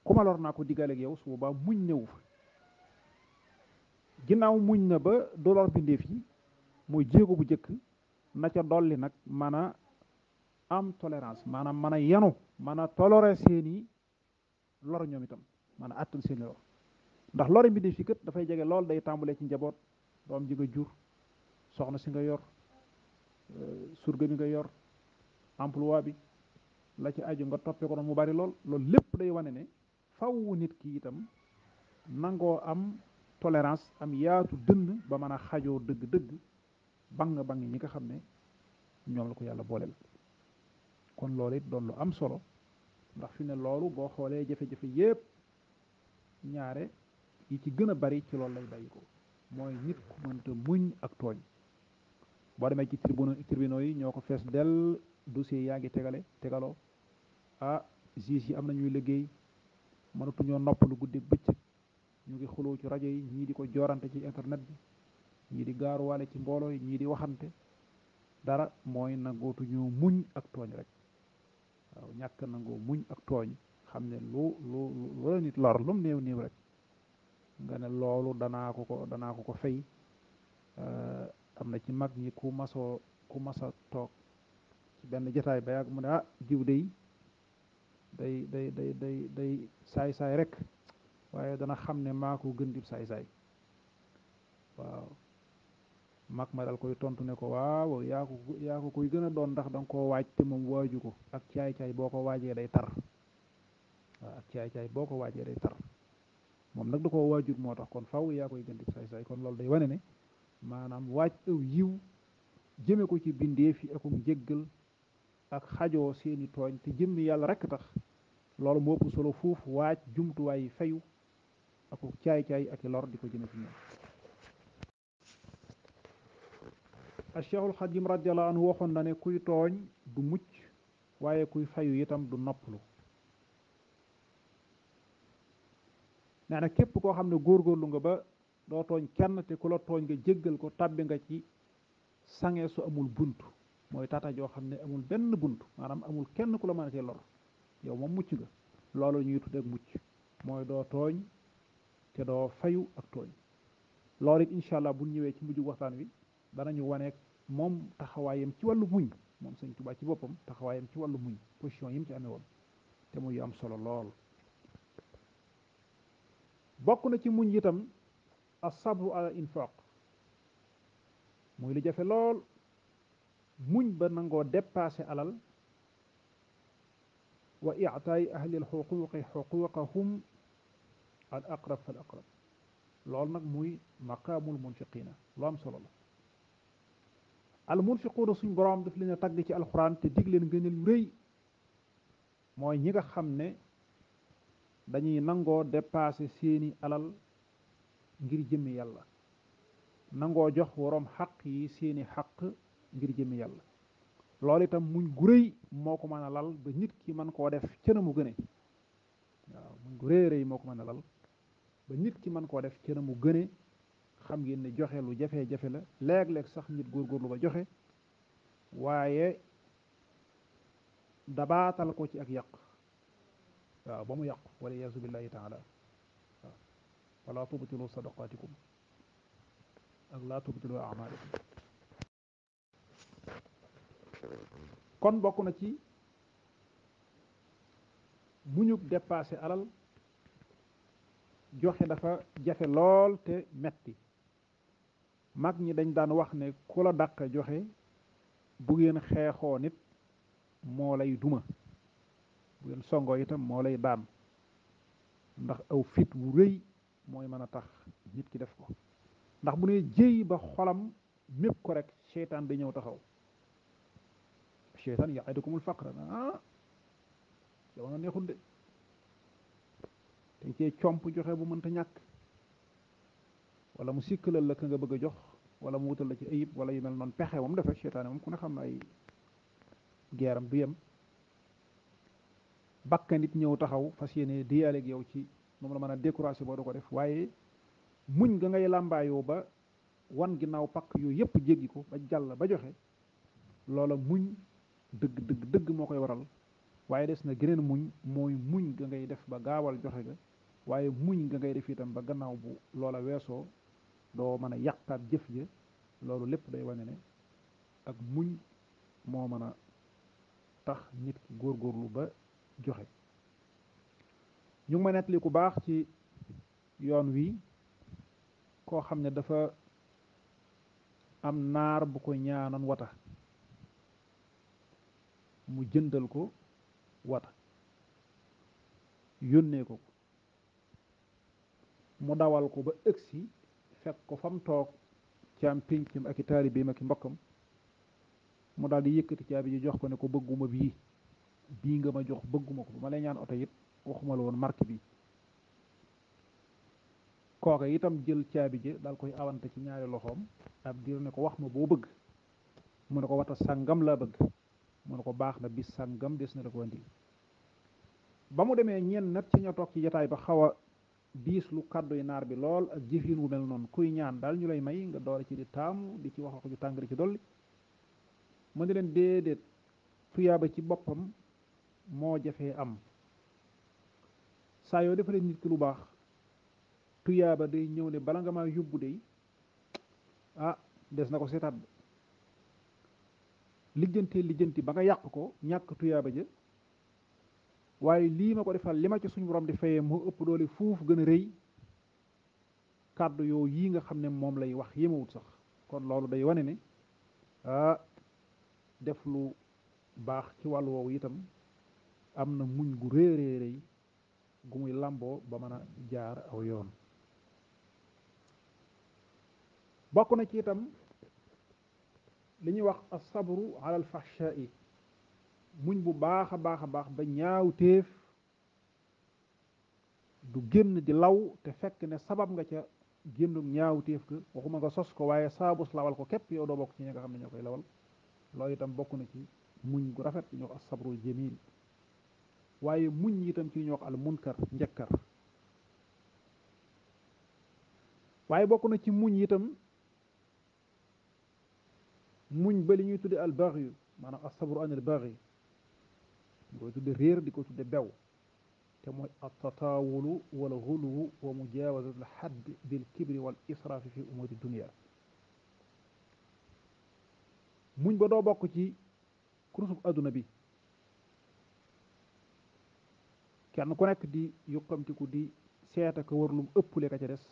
ku ma lor naa ko digaleeg yow su boobaa muñ newu fa ginnaaw muñ na ba du lor bindeef yi mooy jéego bu jëkk na ca dolli nag mën am tolérance maanaam mën a yanu mën a toléré seeni lor ñoom itam mën a attan seeni lor ndax lor bi de fi kët dafay jege lool day tàmbalee ci njaboot doom ji nga jur soxna si nga yor euh, surga bi nga yor emploi bi la ci aju nga toppee ko noonu mu bari lool loolu lépp day wane ne faw nit ki itam nangoo am tolérance am yaatu dënn ba mën a xajoo dëgg-dëgg bang bang ñi nga xam ne ñoom la ko yàlla booleel kon loolu it doon lu am solo ndax fi ne loolu boo xoolee jafe-jafe yépp ñaare yi ci gën a bari ci loolu lay bàyyi ko mooy nit ku mënta muñ ak tooñ boo demee ci tribunaux tribunaux yi ñoo ko fees dell dossier yaa ngi tegale tegaloo ah juge yi am na ñuy liggéey mënatuñoo ñoo noppalu guddi bëccëg ñu ngi xuloo ci rajo yi ñii di ko joorante ci internet bi ñii di gaaruwaale ci mbooloo yi ñii di waxante dara mooy nangootuñu muñ ak tooñ rek waaw ñàkk nangoo muñ ak tooñ xam ne lu lu lu lor lum néew néew rek nga ne loolu danaa ko ko danaa ko ko fay eh, am na ci mag ñi ku masoo ku masa toog ci benn jataay ba yàgg mu ne ah jiw day day day day day day saay-saay rek waaye dana xam ne maako gën dib saay-saay waaw mag ma dal koy tontu ne ko waaw yaa ko koy gën a doon ndax danga koo waaj te moom waaju ko ak caay-caay boo ko waajee day tar waaw ak boo ko waajee day tar moom nag da koo waajut moo tax kon faw yaa koy gën di saay-saay kon loolu day wane ne maanaam waaj aw yiw jëme ko ci bindeef yi akum jéggal ak xajoo seeni tooñ te jëmm yàlla rekk tax loolu moo ko solo foofu waaj jumtuwaay yi fayu aku caay-caay ak i lor di ko jëme ci ñoom a cheikhul xadim radiallahu anhu waxoon na ne kuy tooñ du mucc waaye kuy fayu itam du noppalu nee na képp koo xam ne góor góorlu nga ba doo tooñ kenn te ku la tooñ nga jéggal ko tàbbi nga ci sange su amul bunt mooy tata joo xam ne amul benn bunt maanaam amul kenn ku la mën a lor yow moom mucc nga loolu ñuy tudd ak mucc mooy doo tooñ te doo fayu ak tooñ loolu it incha allah bu ñëwee ci mujj waxtaan wi ñu waneek moom taxawaayam ci wàllu muñ moom sëñ Tuubaa ci boppam taxawaayam ci wàllu muñ position yi ci amee woon te muy am solo lool bokk na ci muñ itam a sabru ala infaq muy lu jafe lool muñ ba nangoo dépassé alal wa i'taay ahli al-xuquuqi xuquuqahum al aqrab fa aqrab loolu nag muy maqaamul munfiqina lu am solo la almunfiquuna suñ borom daf leen a tagg ci alxuraan te dig leen gënal yu rëy mooy ñi nga xam ne dañuy nangoo dépasser seeni alal ngir jëmmi yàlla nangoo jox waroom xaq yi seeni xaq ngir jëmmi yàlla loolu itam muñ gu rëy moo ko mën a lal ba nit ki mën koo def ca mu gëne waaw muñ gu rëy rëy moo ko mën a lal ba nit ki mën koo def ca mu gëne xam ngeen ne joxe lu jafe-jafe la léeg-léeg sax góor góorlu ba joxe waaye dabaatal ko ci ak yàq waaw ba mu yàq wala yaasu billahi taala waaw wala tubtilu sadaqaatikum ak laa tubtilu amaalikum kon bokk na ci bu ñu dépassé alal joxe dafa jafe lool te metti mag ñi dañ daan wax ne ku la dàq joxe bu ngeen xeexoo nit moo lay duma bu ngeen songoo itam moo lay daan ndax aw fit wu rëy mooy mën a tax nit ki def ko ndax bu ne jéy ba xolam mépp ko rek seytaan da ñëw taxaw seytaan ya'idukumul faqra ah yow na neexul de joxe bu mënta ñàkk wala mu sikkalal la ka nga bëgg a jox wala mu wutal la ci ayib wala yu mel noonu pexe moom dafa seytaane moom ku ne xam na ay geeram du yem bakk nit ñëw taxaw fas di diyaaleeg yow ci moom la mën a découragé boo da ko def waaye muñ ga ngay làmbaayoo ba wan ginnaaw pakk yooyu yëpp jéggi ko ba jàll ba joxe loola muñ dëgg dëgg dëgg moo koy waral waaye des na geneen muñ mooy muñ ga ngay def ba gaawal joxe ga waaye muñ ga ngay def itam ba gannaaw bu loola weesoo doo mën a yàqaat jëf ja loolu lépp day wane ne ak muñ moo mën a tax nit ki góorgóorlu ba joxe ñu ngi ma nettali ku baax ci yoon wi koo xam ne dafa am naar bu ko ñaanoon wata mu jëndal ko wata yónnee ko ko mu dawal ko ba ëgsi fekk ko fa mu toog ci am ak i taalibeem ak i mbokkam mu daal di yëkkati caabi ji jox ko ne ko bëgguma bii bii nga ma jox bëgguma ko bu ma lay ñaan oto it waxuma la woon marque bi kooka itam jël caabi ji daal koy awante ci ñaari loxoom ab diir ne ko wax ma boo bëgg mu ne ko wata sangam laa bëgg mu ne ko baax na bis sangam des na la ko indi ba mu demee ñeen nag ci ña toog ci jataay ba xaw diis lu kàdduy naar bi lool ak jëfin wu mel noonu kuy ñaan daal ñu lay may nga doore ci di taamu di ci wax ko ju tàng di ci dolli mu ne leen déedéet tuyaaba ci boppam moo jafee am saa yoo defalee nit ki lu baax tuyaaba day ñëw ne bala nga maa yóbbu day ah des na ko seetaat lijjantee lijjanti ba nga yàq ko ñàkk tuyaaba ja waaye lii ma ko defal li ma ci suñu borom di fayee moo ëpp doole fuuf gën a rëy kàddu yow yii nga xam ne moom lay wax yemawut sax kon loolu day wane ni ah def lu baax ci wàllu woowu itam am na muñ gu réerée rëy gu muy làmboo ba mën a jaar aw yoon bokk na ci itam li ñuy wax as sabru ala al fahsha'i muñ bu baax a baax a baax ba ñaaw téef du génn di law te fekk ne sabab nga ca génn ñaaw téef ka waxuma nga sos ko waaye saabus lawal ko képp yow doo bokk ci ñi nga xam ne ñoo koy lawal loolu itam bokk na ci muñ gu rafet ñoo ko as sabrul jamil waaye muñ itam ci ñoo ko al munkar njëkkar waaye bokk na ci muñ yitam muñ ba li ñuy tudde al baghi maanaam as sabru anil baghi ñu koy tudde réer di ko tudde bew te mooy atataawulu wal xuluwu wa mujaawazatu al xadd bil kibri wal israafi fi umuri dunia muñ ba doo bokk ci kurusub adduna bi kenn ku nekk di yukkamtiku di seeta ko war lum ëpple ka ca des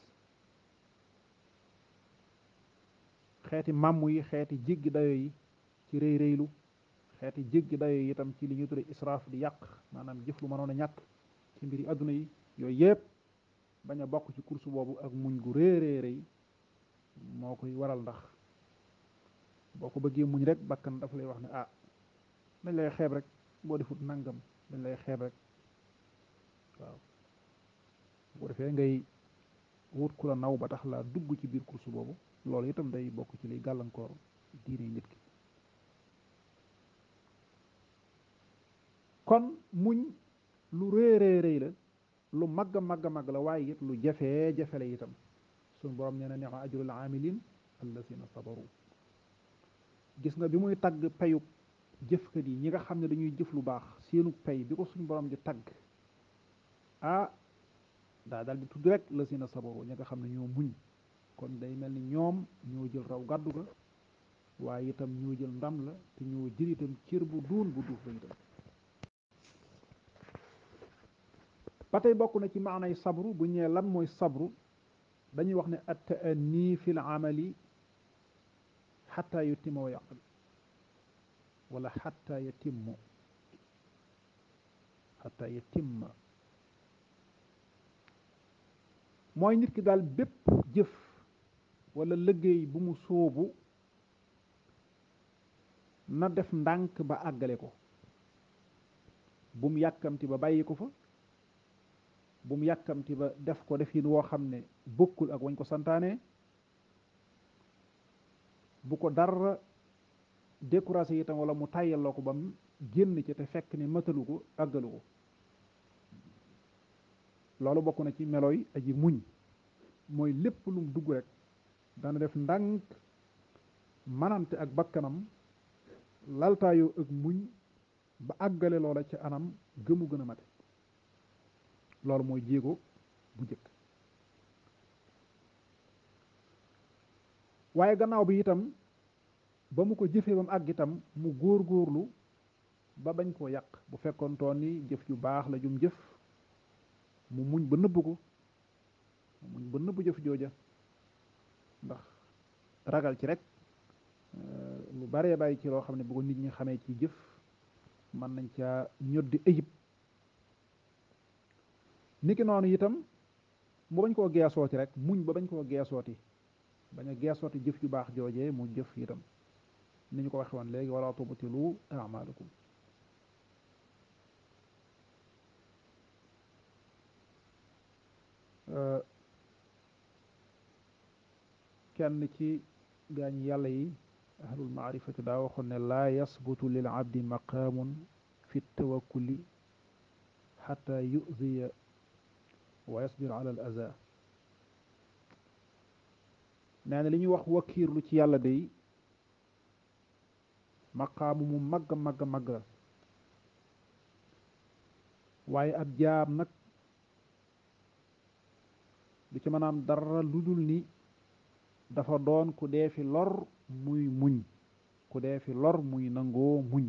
xeeti màmm yi xeeti jiggi dayo yi ci rëy xeeti jéggi dayo itam ci li ñu tudde israaf di yàq maanaam jëf lu mënoon a ñàkk ci mbiri àdduna yi yooyu yëpp bañ a bokk ci course boobu ak muñ gu réeréeréy moo koy waral ndax boo ko bëggee muñ rek bakkan dafa lay wax ne ah dañ lay xeeb rek boo defut nangam dañ lay xeeb rek waaw bu defee ngay wut ku la naw ba tax laa dugg ci biir course boobu loolu itam day bokk ci liy gàllankoor diine nit ki kon muñ lu réerée réy la lu magga magga mag la waaye it lu jafee jafe la itam suñ borom nee na nema ajrul amilin allazina sabaru gis nga bi muy tagg payub jëfkat yi ñi nga xam ne dañuy jëf lu baax seenu pay bi ko suñ borom di tagg ah daa daal di tudd rek lazina sabaru ñi nga xam ne ñoo muñ kon day mel ni ñoom ñoo jël raw gàddu ga waaye itam ñoo jël ndam la te ñoo jël itam cër bu duun bu duuf la itam ba tey bokk na ci maanay sabru bu ñëwee lan mooy sabru dañuy wax ne at taanni fi l amali xatta yutimma wa yaqul wala xatta yatimmu xatta mooy nit ki daal bépp jëf wala liggéey bu mu sóobu na def ndànk ba àggale ko bum yàkkamti ba bàyyi ko fa bu mu yàkkamti ba def ko def yin woo xam ne bokkul ak wañ ko santaane bu ko dara découragé itam wala mu tàyyalloo ko ba génn ca te fekk ni matalu ko àggalu ko loolu bokk na ci melo yi aji muñ mooy lépp lu dugg rek dana def ndànk manante ak bakkanam laltaayoo ak muñ ba àggale loola ca anam gëmu gën a mate loolu mooy jéego bu jëkk waaye gannaaw bi itam ba mu ko jëfee ba mu àgg itam mu góor góorlu ba bañ koo yàq bu fekkoon toon ni jëf yu baax la jum jëf mu muñ ba nëbb ko mu muñ ba nëbb jëf jooja ndax ragal ci rek eh, lu baree bàyyi ci loo xam ne bu nit ñi xamee ci jëf mën nañ caa ñoddi ayib niki noonu itam mu bañ koo geesooti rek muñ ba bañ koo geesooti bañ a geesooti jëf yu baax joojee mu jëf itam ni ñu ko waxe woon léegi wala tubtilu amalukum kenn ci gaañ yàlla yi ahlul maarifati daa waxoon ne laa yasbutu lil abdi maqaamun fi tawakkuli xata yuziya ويصبر على الأذى nee na wax wakkiirlu ci yàlla day maqaamu mu màgg màgg màgg la waaye ab jaam nag du ci manaam dara lu dul ni dafa doon ku dee fi lor muy muñ ku dee fi lor muy nangoo muñ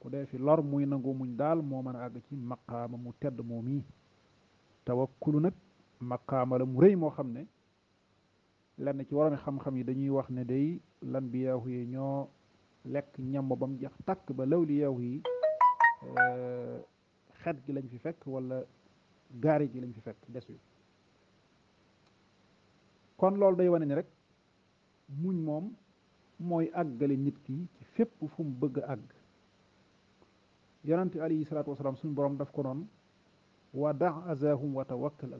ku dee fi lor muy nangoo muñ daal moo mën a àgg ci maqaama mu tedd moom yi tawakkulu nag maqaama la mu rëy moo xam ne lenn ci waroon xam-xam yi dañuy wax ne day lan bi yaahu yi ñoo lekk ñam ba mu jeex tàkk ba law li yi eh, xet gi lañ fi fekk walla gaari gi lañ fi fekk des wi kon loolu day wane ni rek muñ moom mooy àggale nit ki ci fépp fu mu bëgg a àgg yonent alayhi salaatu wasalaam suñu borom daf ko noonu wa da azahum wa tawakkal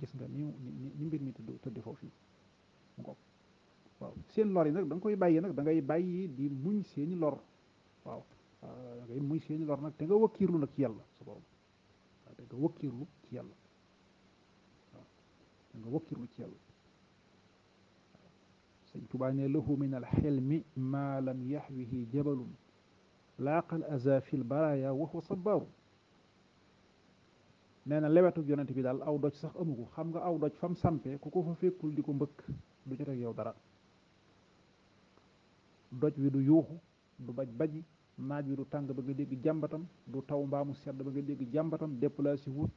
gis nga ni ni mi tudd tudd foofu mu ngoog waaw seen yi nag da koy bàyyi nag da ngay bàyyi di muñ seeni lor waaw muy ngay muñ nag te nga wakkiirlu nag ci yàlla sa borom waaw te nga wakkiirlu ci yàlla min alxilmi ma lam yaxwihi jabalun laaqa al aza fi lbaraya wa huwa sabaaru nee na lewetuk yonent bi daal aw doj sax amu ko xam nga aw doj fam sampee ku ko fa fekkul di ko mbëkk du ci teg yow dara doj wi du yuuxu du baj baji naaj wi du tàng ba nga dégg jàmbatam du taw mbaamu sedd ba nga dégg jàmbatam déplacé wut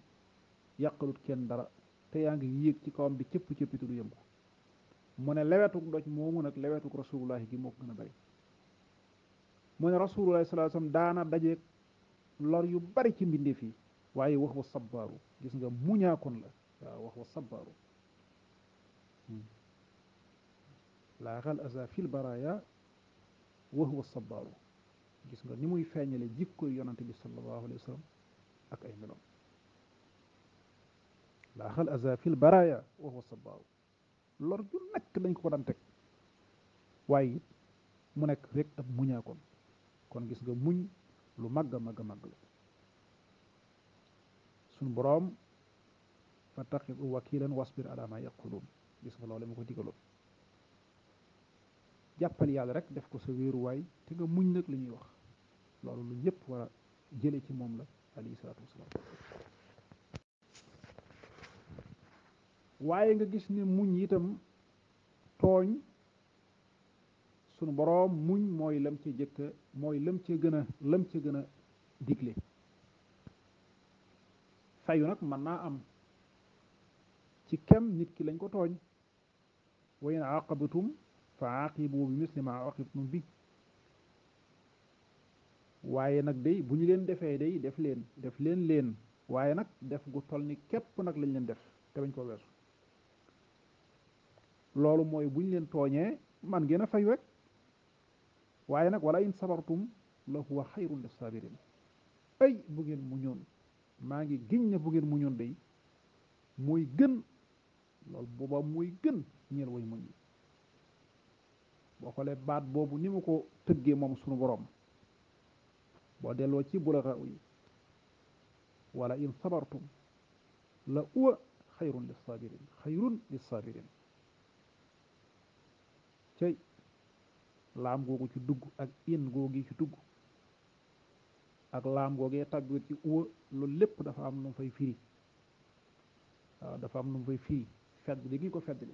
yàqalut kenn dara te yaa ngi yéeg ci kawam di cëpp cëppitu du yëngu mu ne lewetuk doj moomu nag lewetuk rasulullahi gi moo gën a bari mu ne rasulullahi sallallahu alayhi daana dajeeg lor yu bari ci mbindeef yi waaye wax wa sabbaaru gis nga muñaakoon la waaw wax wa sabbaaru hmm. laa xal asa fil baraya wax wa sabbaaru gis nga ni muy feeñale jikkoy yonante bi sallallahu alayhi wa sallam ak ay meloom laa xal asa fil baraya wax wa sabbaaru lor ju nekk dañ ko daan teg waaye it mu nekk rek ab muñaakoon kon gis nga muñ lu màgg a màgg a màgg la suñu boroom fattaxidu wakilan wasbir ala ma yaqulun gis nga loolu ko digaloon jàppal yàlla rek def ko sa wéeruwaay muñ nag li ñuy wax loolu ñëpp war jële ci moom la alayhi nga gis ne muñ itam sunu boroom muñ mooy lam ca jëkka mooy lam ca gën a lam ca gën a digle fayu nag mën naa am ci kem nit ki lañ ko tooñ wa in aqabatum fa aqibu bi misli bi waaye nag day bu ñu leen defee day def leen def leen leen waaye nag def gu toll ni képp nag lañ leen def te bañ ko weesu loolu mooy bu ñu leen tooñee man ngeen a fay rek waaye nag wala in sabartum la huwa xayrun lissabirin ay bu ngeen mu ñoon maa ngi giñ ne bu ngeen muñoon day mooy gën loolu boobaa mooy gën ñeel way muñ yi boo xoolee baat boobu ni mu ko tëggee moom sunu boroom boo delloo ci bulaxa yi wala in sabartum la uwa xayrun lissabirin xayrun lissabirin cey laam googu ci dugg ak in googi ci dugg ak laam googee tàggu ci uwa loolu lépp dafa am nu mu fay firi dafa am nu mu fay firi fedd li gi ko fedd li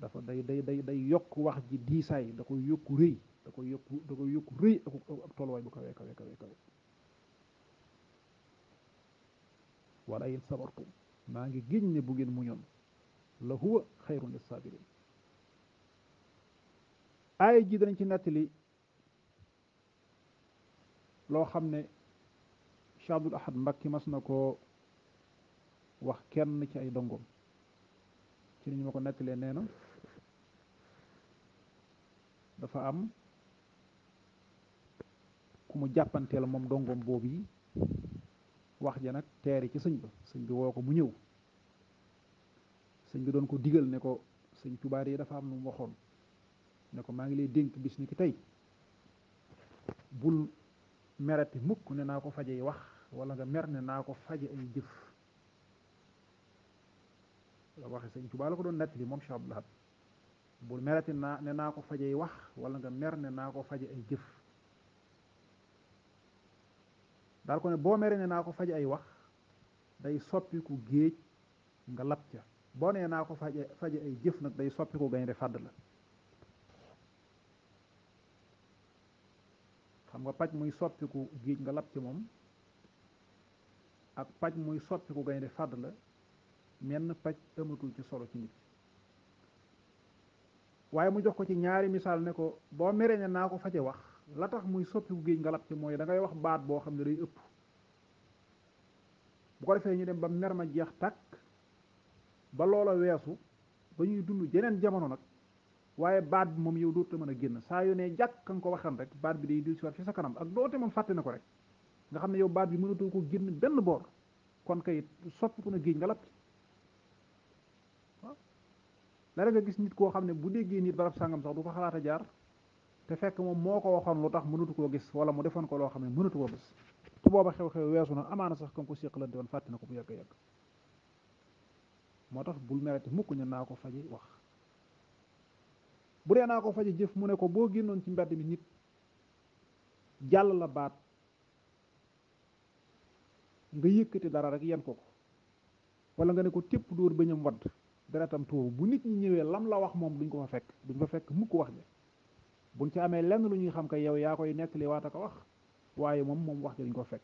dafa day day day day yokk wax ji diisaay da koy yokku rëy da koy yokku da koy yokku rëy ak tolluwaay bu kawee kawe kawe kawe wala in sabartum maa ngi géñ ne bu ngeen muñoon la huwa xayrun lissabirin aaya ji danañ ci nettali loo xam ne Cheikh Abdoul Ahad Mbacké mas na koo wax kenn ci ay dongoom ci ni ñu ma ko nettalee nee na dafa am ku mu jàppanteel moom dongoom boobu yi wax ja nag teeri ci sëñ ba sëñ bi woo ko mu ñëw sëñ bi doon ko digal ne ko sëñ tubaar yi dafa am lu mu waxoon ne ko maa ngi lay dénk bis ni ki tey bul merati mukk ne naa ko faje ay wax wala nga mer ne naa ko faje ay jëf la waxe sëñ Tuubaa la ko doon nettali moom Cheikh Abdou Lahad naa ne naa ko faje wax wala nga mer ne naa ko faje ay jëf daal ko ne boo mere ne naa ko faje ay wax day soppiku géej nga lab ca boo nee naa ko faje faje ay jëf nag day soppiku gaynde fàdd la xam nga paj muy soppiku géej nga lab ci moom ak paj muy soppiku gaynde fàdd la menn paj ëmmatul ci solo ci nit waaye mu jox ko ci ñaari misaal ne ko boo meree ne naa ko faje wax la tax muy soppiku géej nga lab ci mooy da ngay wax baat boo xam ne day ëpp bu ko defee ñu dem ba mer ma jeex tàkk ba loola weesu ba ñuy dund jeneen jamono nag waaye baat bi moom yow dootu la mën a génn saa yu ne jàkk ka ko waxan rek baat bi day dil si waat ci sa kanam ak doote moom fàtte na ko rek nga xam ne yow baat bi mënatoo ko génn benn boor kon kay soppi na géej nga la nga gis nit koo xam ne bu déggee nit barab sàngam sax du fa xalaat a jaar te moom moo ko waxoon lu tax mënatu koo gis wala mu defoon ko loo xam ne mënatu koo gis su booba xew-xew weesu na amaana sax kan ko séqalante woon fàtte na ko bu yàgg-yàgg moo tax bul merati mukk ñu naa ko faji wax bu dee naa ko faje jëf mu ne ko boo génnoon ci mbedd mi nit jàll la baat nga yëkkati dara rek yen ko ko wala nga ne ko tépp dóor bëñam wadd deretam tuuru bu nit ñi ñëwee lam la wax moom duñ ko fa fekk duñ fa fekk mukk wax ja bu ci amee lenn lu ñuy xam ko yow yaa koy nekk li waata ko wax waaye moom moom wax ja duñ ko fekk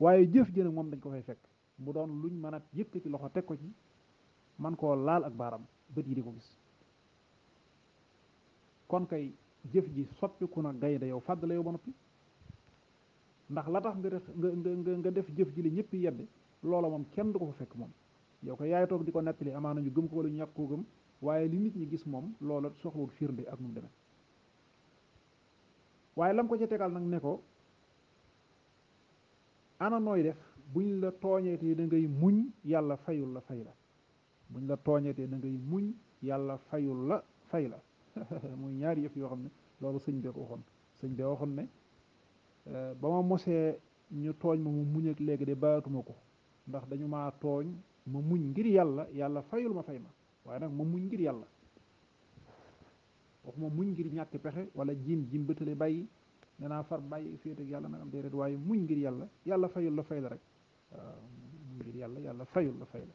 waaye jëf jëne moom dañ ko fay fekk mu doon luñ mën a yëkkati loxo teg ko ci man koo laal ak baaram bët yi di ko gis kon kay jëf ji soppiku na gaynde yow fàdd la yow ba noppi ndax la tax nga def nga nga def jëf ji li ñëpp yedde loola moom kenn du ko fa fekk moom yow ko yaay toog di ko amaan na ñu gëm ko wala ñu ñàkk koo gëm waaye li nit ñi gis moom loola soxlawul firnde ak nu mu demee waaye lam ko ca tegal nag ne ko ana nooy def bu la tooñeetee da ngay yàlla fayul la fay la buñ la tooñeetee da ngay muñ yàlla fayul la fay la muy ñaari yëf yoo xam ne loolu sëñ bi waxoon sëñ bee waxoon ne euh, ba ma mosee ñu tooñ ma mu muñ léegi de baatuma ko ndax dañu ma tooñ ma muñ ngir yàlla yàlla fayul ma fay ma waaye nag ma muñ ngir yàlla waxuma muñ ngir ñàkk pexe wala jiim jiim bëtale bàyyi nee naa far bàyyi féete yàlla nag am déedéet waaye muñ ngir yàlla yàlla fayul la fay la rek waaw muñ ngir yàlla yàlla fayul la fay la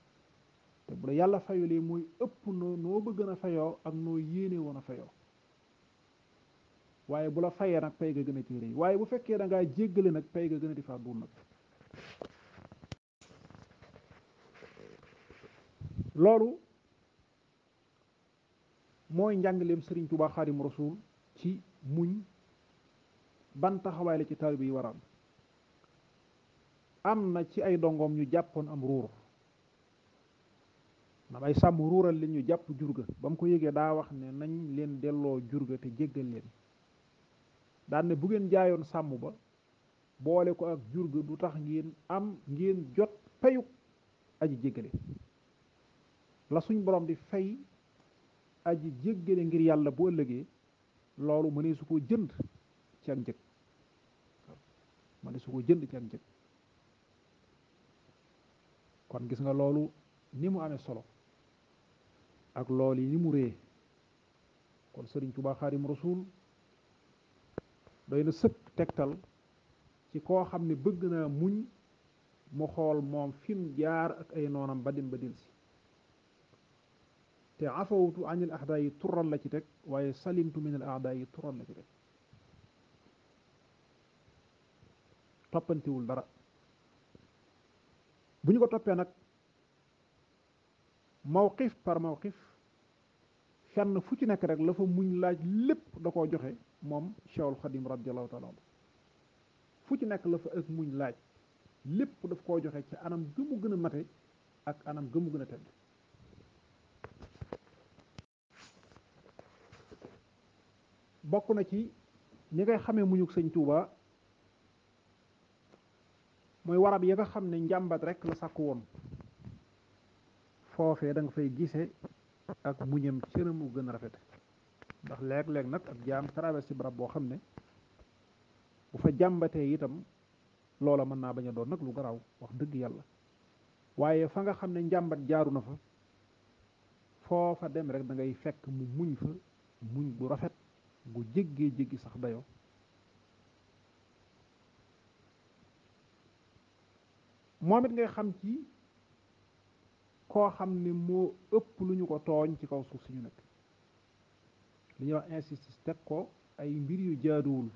te bu la yàlla fayulee mooy ëpp noo noo bëgg a fayoo ak noo yéene woon a fayoo waaye bu la fayee nag pay ga gën a ci waaye bu fekkee da jéggale nag pay nga gën a di nag loolu mooy njàngaleem Sëriñ Tuubaa Xaadim Rasuul ci muñ ban taxawaay la ci taalibe bi waram am na ci ay dongoom ñu jàppoon am ruur maanaam ay sàmm ruural li ñu jàpp jur ga ba mu ko yëgee daa wax ne nañ leen delloo jur ga te jéggal leen daan ne bu ngeen jaayoon sàmm ba boole ko ak jur ga du tax ngeen am ngeen jot payuk aji jéggale la suñ borom di fay aji jéggale ngir yàlla bu ëllëgee loolu mënee su ko jënd ci ak njëg mënee su ko jënd ci ak njëg kon gis nga loolu ni mu amee solo ak lool yi ni mu rée kon sëriñ Tuubaa Xaadim Rasuul day na sëkk tegtal ci koo xam ne bëgg naa muñ mu xool moom fim jaar ak ay noonam ba dim ba dil si te afawtu anil ahdaa yi tural la ci teg waaye salimtu minal ahdaa yi tural la ci teg toppantewul dara bu ñu ko toppee nag mawqif par mawqif fenn fu ci nekk rek la muñ laaj lépp da koo joxe moom Cheikhul Khadim radiyallahu taala anhu fu ci nekk la ak muñ laaj lépp daf koo joxe ci anam gëmu gën a mate ak anam gëmu gën a tedd bokk na ci ñi ngay xamee muñu sëñ Touba mooy warab ya nga xam ne njàmbat rek la sàkk woon foofee danga fay gise ak muñam cëramu gën a rafet ndax léeg-léeg nag ak jaam traversé barab boo xam ne bu fa jàmbatee itam loola mën naa bañ a doon nag lu garaaw wax dëgg yàlla waaye fa nga xam ne njàmbat jaaru na fa foofa dem rek da ngay fekk mu muñ fa muñ bu rafet bu jéggee jéggi sax dayoo moom it ngay xam ci koo xam ne moo ëpp lu ñu ko tooñ ci kaw suuf suñu nag li ñuy wax teg ko ay mbir yu jaaduwul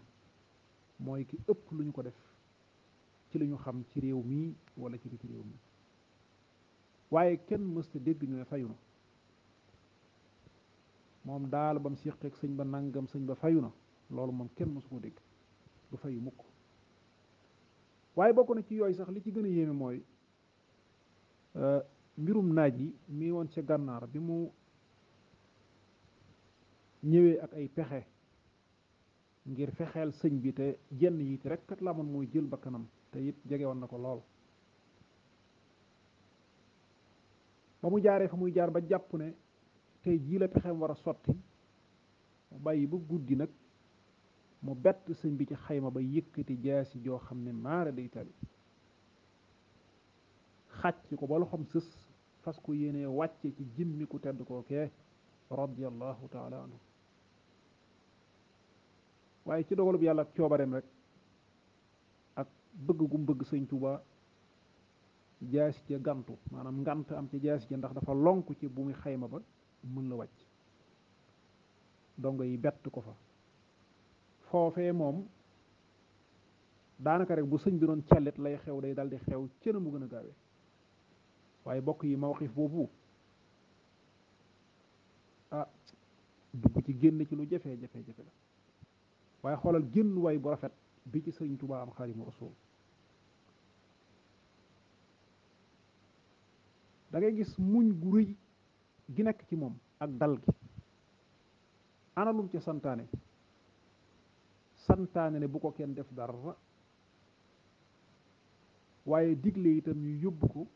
mooy ki ëpp lu ñu ko def ci li ñu xam ci réew mii walla ci biti réew mi waaye kenn mësta dégg ñu ne fayu na moom daal bam mu seqeeg sëñ ba nangam sëñ ba fayu na loolu moom kenn mësu koo dégg du fayu mukk waaye bokk na ci yooyu sax li ci gën a yéeme mooy euh, mbirum naaj yi mi woon ca gànnaar bi mu ñëwee ak ay pexe ngir fexeel sëñ bi te jenn yit rek kat lamoon mooy jël ba kanam te it jege woon na ko lool ba mu jaaree fa muy jaar ba jàpp ne tey jiila la pexeem war a sotti mu bàyyi ba guddi nag mu bett sëñ bi ci xayma ba yëkkati jaasi joo xam ne maara day tali xàcc ko ba loxom sës fas ko yéene wàcce ci jimmi ku tedd kookee radiallahu taala waaye ci dogalub yàlla ak coobareem rek ak bëgg gum bëgg sëñ Tuuba jaasi ca gantu maanaam ngant am ci jaasi ca ndax dafa lonk ci bu muy xayma ba mën la wàcc dongo yi bett ko fa foofee moom daanaka rek bu sëñ bi doon cellit lay xew day daldi xew cëna mu gën a gaawee waaye bokk yi mawqif boobu ah dugg ci génn ci lu jafee jafe jafe la waaye xoolal génn way bu rafet bi ci sëriñ Tuubaa am Xaadimu Rasuul da gis muñ gu rëy gi nekk ci moom ak dal gi analum ci santaane santaane ne bu ko kenn def dara waaye digle itam ñu yóbbu ko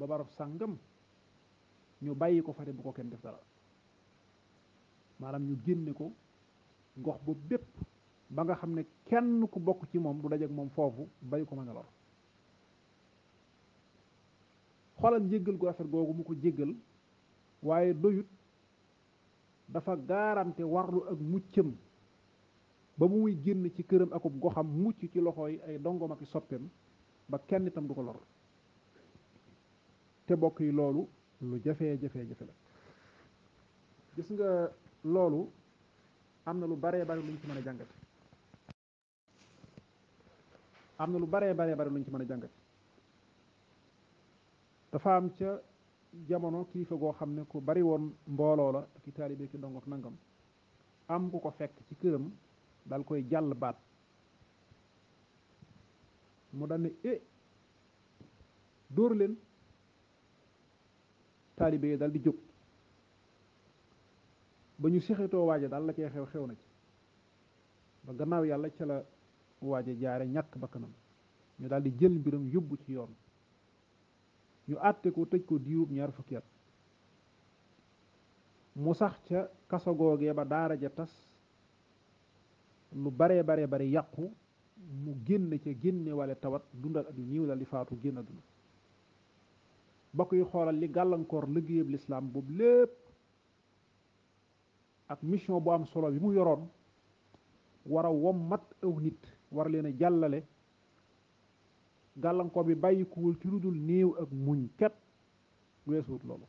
ba barab sàngam ñu bàyyi ko fa bu ko kenn def dara maanaam ñu génne ko ngox bu bépp ba nga xam ne kenn ku bokk ci moom du dajeek moom foofu bay ko ma ne lor xoolal njéggal gu rafet googu mu ko jéggal waaye doyut dafa gaarante warlu ak muccam ba mu muy génn ci këram akub goxam mucc ci loxo yi ay dongom ak i soppeem ba kenn itam du ko lor te bokk yi loolu lu jafee jafee jafe la gis nga loolu am na lu baree bari luñ ci mën a jàngate am na lu baree baree bari luñ ci mën a jàngate dafa am ca jamono kilifa goo xam ne ku bari woon mbooloo la ki taalibe ki dongook nangam am ku ko fekk ci këram dal koy jàll baat mu dal ne eh dóor leen taalibe yi daal di jóg ba ñu sexitoo waaje daal la cee xew xew na ci ba gannaaw yàlla ca la waaje jaare ñàkk bakkanam ñu daal di jël mbiram yóbbu ci yoon ñu àtte ko tëj ko diirub ñaar fukki at mu sax ca kaso ba daara ja tas lu baree baree bare yàqu mu génn ca génne wale tawat dundal at yu ñiw daal di faatu génn àdduna bokk yi xoolal li gàllankoor liggéeyab lislaam boobu lépp ak mission bu am solo bi mu yoroon wara wom mat aw nit war leen a jàllale gàllankoor bi bàyyikuwul ci lu dul néew ak muñ ket weesuut loolu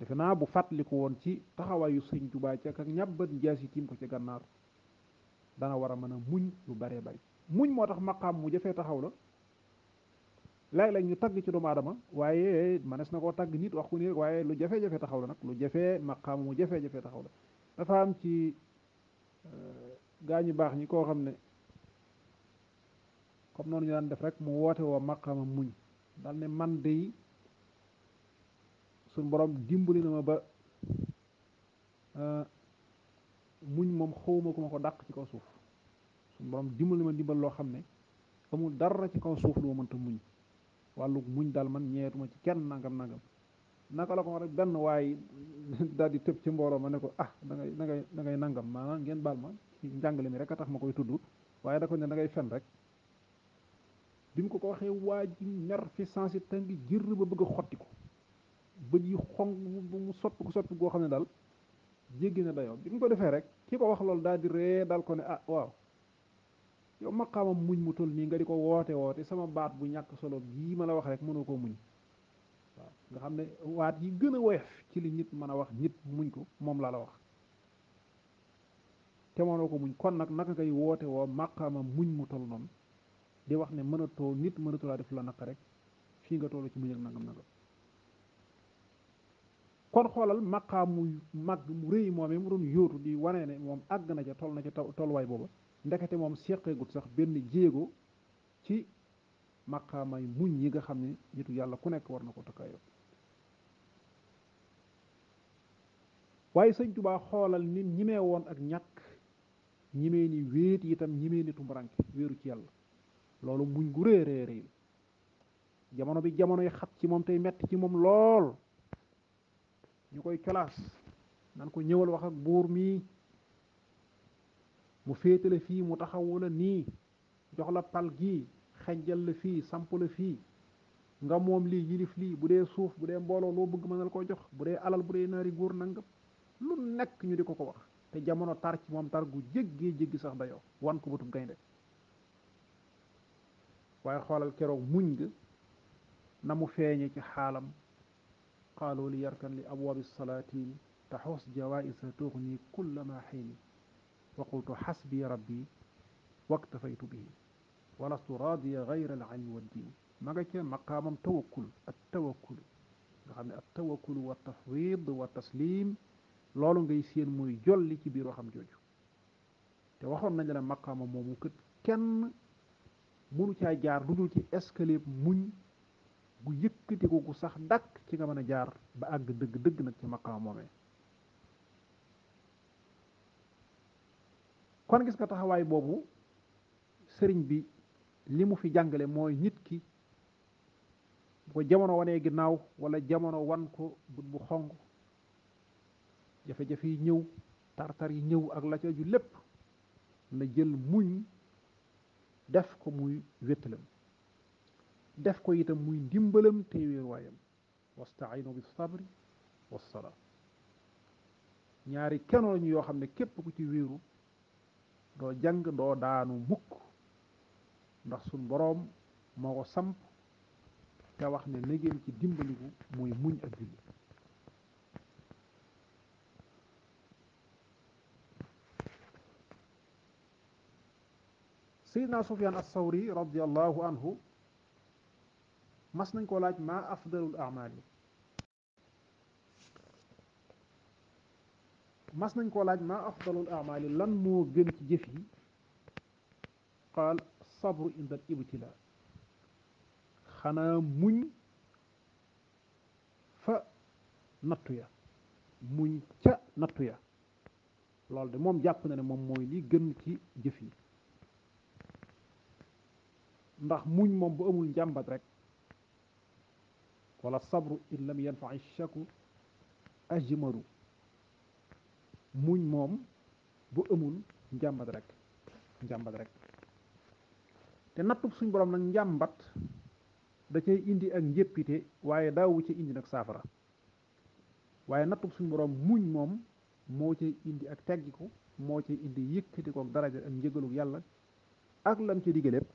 defe naa bu fàttaliku woon ci taxawaayu sëñ Tuubaa ca ak ñàbbat njaas yi tiim ko ci gànnaar dana war a mën a muñ lu bare bari muñ moo tax maqaam mu jafee taxaw la léeg-léeg ñu tagg ci doomu aadama waaye manes na koo tagg nit wax ku nii rek waaye lu jafe-jafe taxaw la nag lu jafe maqaam mu jafe-jafe taxaw la dafa am ci euh, gaa ñu baax ñi koo xam ne comme noonu ñu daan def rek mu woote woo maqaama muñ dal ne man dey suñ borom dimbali na ma ba euh, muñ moom xawma ku ko dàq ci kaw suuf suñ borom dimbali ma dimbal loo xam ne amul dara ci kaw suuf lu ma mënta muñ wàllu muñ daal man ñeetuma ci kenn nangam nangam naka la ko wax rek benn waaye daal di tëb ci mbooloo ma ne ko ah da ngay da ngay da ngay nangam maanaam ngeen baal ma njàngale mi rek a tax ma koy tudd waaye da ko ne da ngay fen rek bi mu ko ko waxee waa ji mer fi sensi tàngi jërr ba bëgg a xotti ko bëj yi xong mu sotti ko sotti goo xam ne daal jéggi na dayoo bi mu ko defee rek ki ko wax loolu daal di ree dal ko ne ah waaw yow maqaamam muñ mu toll nii nga di ko woote woote sama baat bu ñàkk solo yii ma la wax rek mënoo koo muñ waaw nga xam ne waat yi gën a woyof ci li nit mën a wax nit muñ ko moom laa la wax te mënoo ko muñ kon nag naka ngay woote woo maqaamam muñ mu toll noonu di wax ne mënatoo nit mënatoo laa def la naq rek fii nga toll ci muñ ak nangam nangam kon xoolal maqaam maqaamu mag mu rëy moom yi mu doon yóotu di wane ne moom àgg na ca toll na ca tolluwaay booba ndekete moom seqeegut sax benn jéego ci maqaamay muñ yi nga xam ne nitu yàlla ku nekk war na ko takkaayoo waaye sëñ tubaa xoolal ni ñimee ak ñàkk ñimee ni wéet itam ñimee ni tumbaranke wéeru ci yàlla loolu muñ gu rëy rëy rëy jamono bi jamono yi xat ci moom tey metti ci moom lool ñu koy colaas nan ko ñëwal wax ak buur mii mu féetale fii mu taxawu la nii jox la pal gi xejjal la fii samp la fii nga moom lii yilif lii bu dee suuf bu dee mbooloo loo bëgg ma mënal koo jox bu dee alal bu dee naari góor nangam lu nekk ñu di ko ko wax te jamono tar ci moom tar gu jéggee jéggi sax dayoo wan ko bëtub gaynde waaye xoolal keroog muñ nga na mu feeñe ci xaalam qaaloo li yarkan li abwaabi salaatin taxoos jawaisa tuxni kullama xiini wa qultu xasbi rabbi bi bihi walastu raadiya gayra al ilmi waddin ma nga ca maqaamam tawakkul ak tawakkul nga xam ne ak tawakkul wa tafwid wa taslim loolu ngay séen muy jolli ci biir waxam jooju te waxoon nañ la maqaamam moomu kët kenn mënu caa jaar lu dul ci escalier muñ gu yëkkatiku gu sax dàkk ci nga mën a jaar ba àgg dëgg-dëgg nag ci maqaam moomee kon gis nga taxawaay boobu sëriñ bi li mu fi jàngale mooy nit ki bu ko jamono wanee ginnaaw wala jamono wan ko but bu xong jafe-jafe yi ñëw tartar yi ñëw ak la ca ju lépp na jël muñ def ko muy wéttalam def ko itam muy ndimbalam te wéeruwaayam wastaayinu bi sabri wassalaam ñaari kenoon yoo xam ne képp ku ci wéeru doo jàng doo daanu mukk ndax suñ boroom moo ko samp te wax ne na ci dimbaliku muy muñ ak julli seydna sufyaan assawri radiallahu anhu mas nañ ko laaj ma afdalul amaali mas nañ koo laaj ma afdalul amali lan moo gën ci jëf yi qaal sabru indal ibtila xanaa muñ fa nattu ya muñ ca nattu ya loolu de moom jàpp na ne moom mooy li gën ci jëf yi ndax muñ moom bu amul njàmbat rek wala sabru in lam yanfai shaku ajmaru muñ moom bu amul njàmbat rek njàmbat rek te nattub suñ borom nag njàmbat da cay indi ak njéppite waaye daawu ca indi nag saafara waaye nattub suñ boroom muñ moom moo cay indi ak teggiku moo cay indi yëkkati kook daraja ak njëgaluk yàlla ak lam ca digge lépp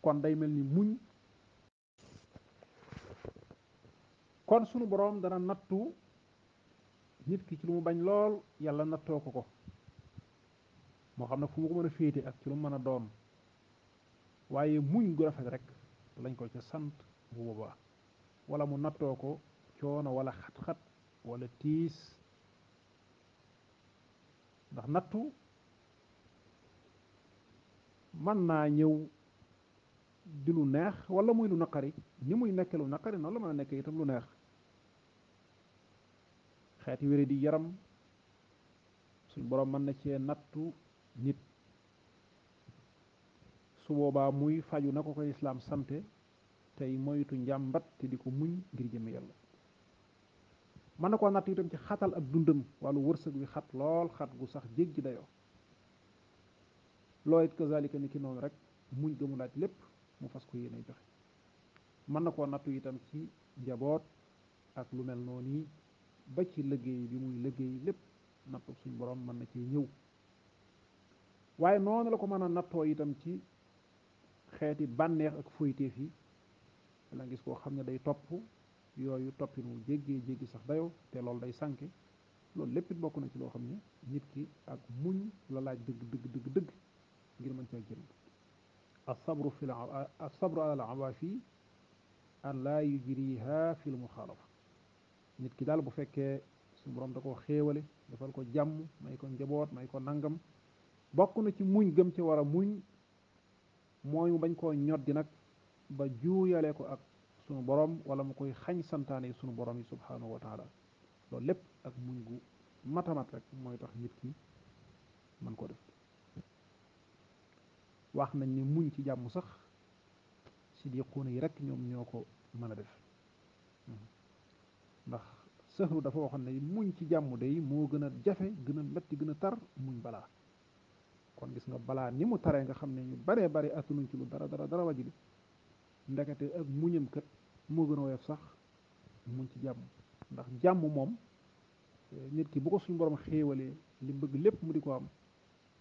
kon day mel ni muñ kon sunu borom dana nattu nit ki ci lu mu bañ lool yàlla nattoo ko ko moo xam ne fu mu ko mën a féete ak ci lu mu mën a doon waaye muñ gu rafet rek lañ ko ca sant bu boobaa walla mu nattoo ko coono wala xat-xat wala tiis ndax nattu mën naa ñëw di lu neex wala muy lu naqari ni muy nekk lu naqari noonu la mën a nekk itam lu neex xeeti wéré di yaram suñ borom mën na cee nattu nit su boobaa muy faju na ko koy islaam sante tey moytu njàmbat te di ko muñ ngir jëm yàlla mën na koo natt tam ci xatal ak dundam wàllu wërsëg wi xat lool xat gu sax jéggi dayoo loo it kazalika ni ki noonu rek muñ gëmu laaj lépp mu fas ko yéene joxe mën na koo nattu itam ci njaboot ak lu mel noonu ba ci liggéey bi muy liggéey lépp nattu suñ boroom mën na ci ñëw waaye noonu la ko mën a nattoo itam ci xeeti bànneex ak foyteef yi la gis koo xam ne day topp yooyu toppi mu jéggee jéggi sax dayoo te loolu day sànke loolu lépp it bokk na ci loo xam ne nit ki ak muñ la laaj dëgg dëgg dëgg ngir mën caa jëriñ asabru fi asabru ala alawafi an laa yujriha mu lmuxaalafa nit ki daal bu fekkee suñu boroom da koo xéewale defal ko jàmm may ko njaboot may ko nangam bokk na ci muñ gëm ci war a muñ mooy mu bañ koo ñoddi nag ba juuyale ko ak sunu borom wala mu koy xañ santaane sunu borom yi subhanahu wa loolu lépp ak muñ gu matamat rek mooy tax nit ki mën ko def wax nañ ni muñ ci jàmm sax si di xuune yi rek ñoom ñoo ko mën a def ndax sëxlu dafa waxoon ne muñ ci jàmm day moo gën a jafe gën a metti gën a tar muñ balaa kon gis nga balaa ni mu taree nga xam ne ñu baree bari attanuñ ci lu dara dara dara waj li ndekete ak muñam kat moo gën a woyof sax muñ ci jàmm ndax jàmm moom eh, nit ki bu ko suñu borom xéewalee li bëgg lépp mu di ko am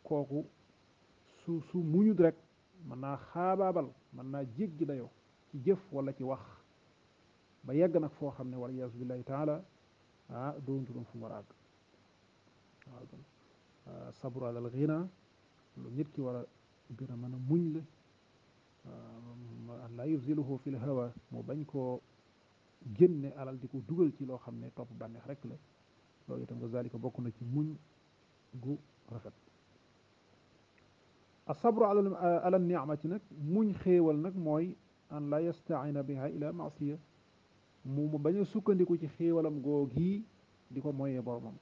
kooku su su muñut rek mën naa xaabaabal mën naa jéggi dayoo ci jëf wala ci wax ba yegg nag foo xam ne wala yas billahi taala ah doontu fu mu war a àgg waaw donc ah, sabru alal ghina lu nit ki war a gën a mën a muñ la ah, la yubziluhu fil hawa mu bañ koo génne alal di ko dugal ci loo xam ne topp bànneex rek la loolu itam kazalika bokk na ci muñ gu rafet asabru ala ala niamati nag muñ xéewal nag mooy an la yastaina biha ila mu mu bañ a sukkandiku ci xéewalam googi di ko moyee boromam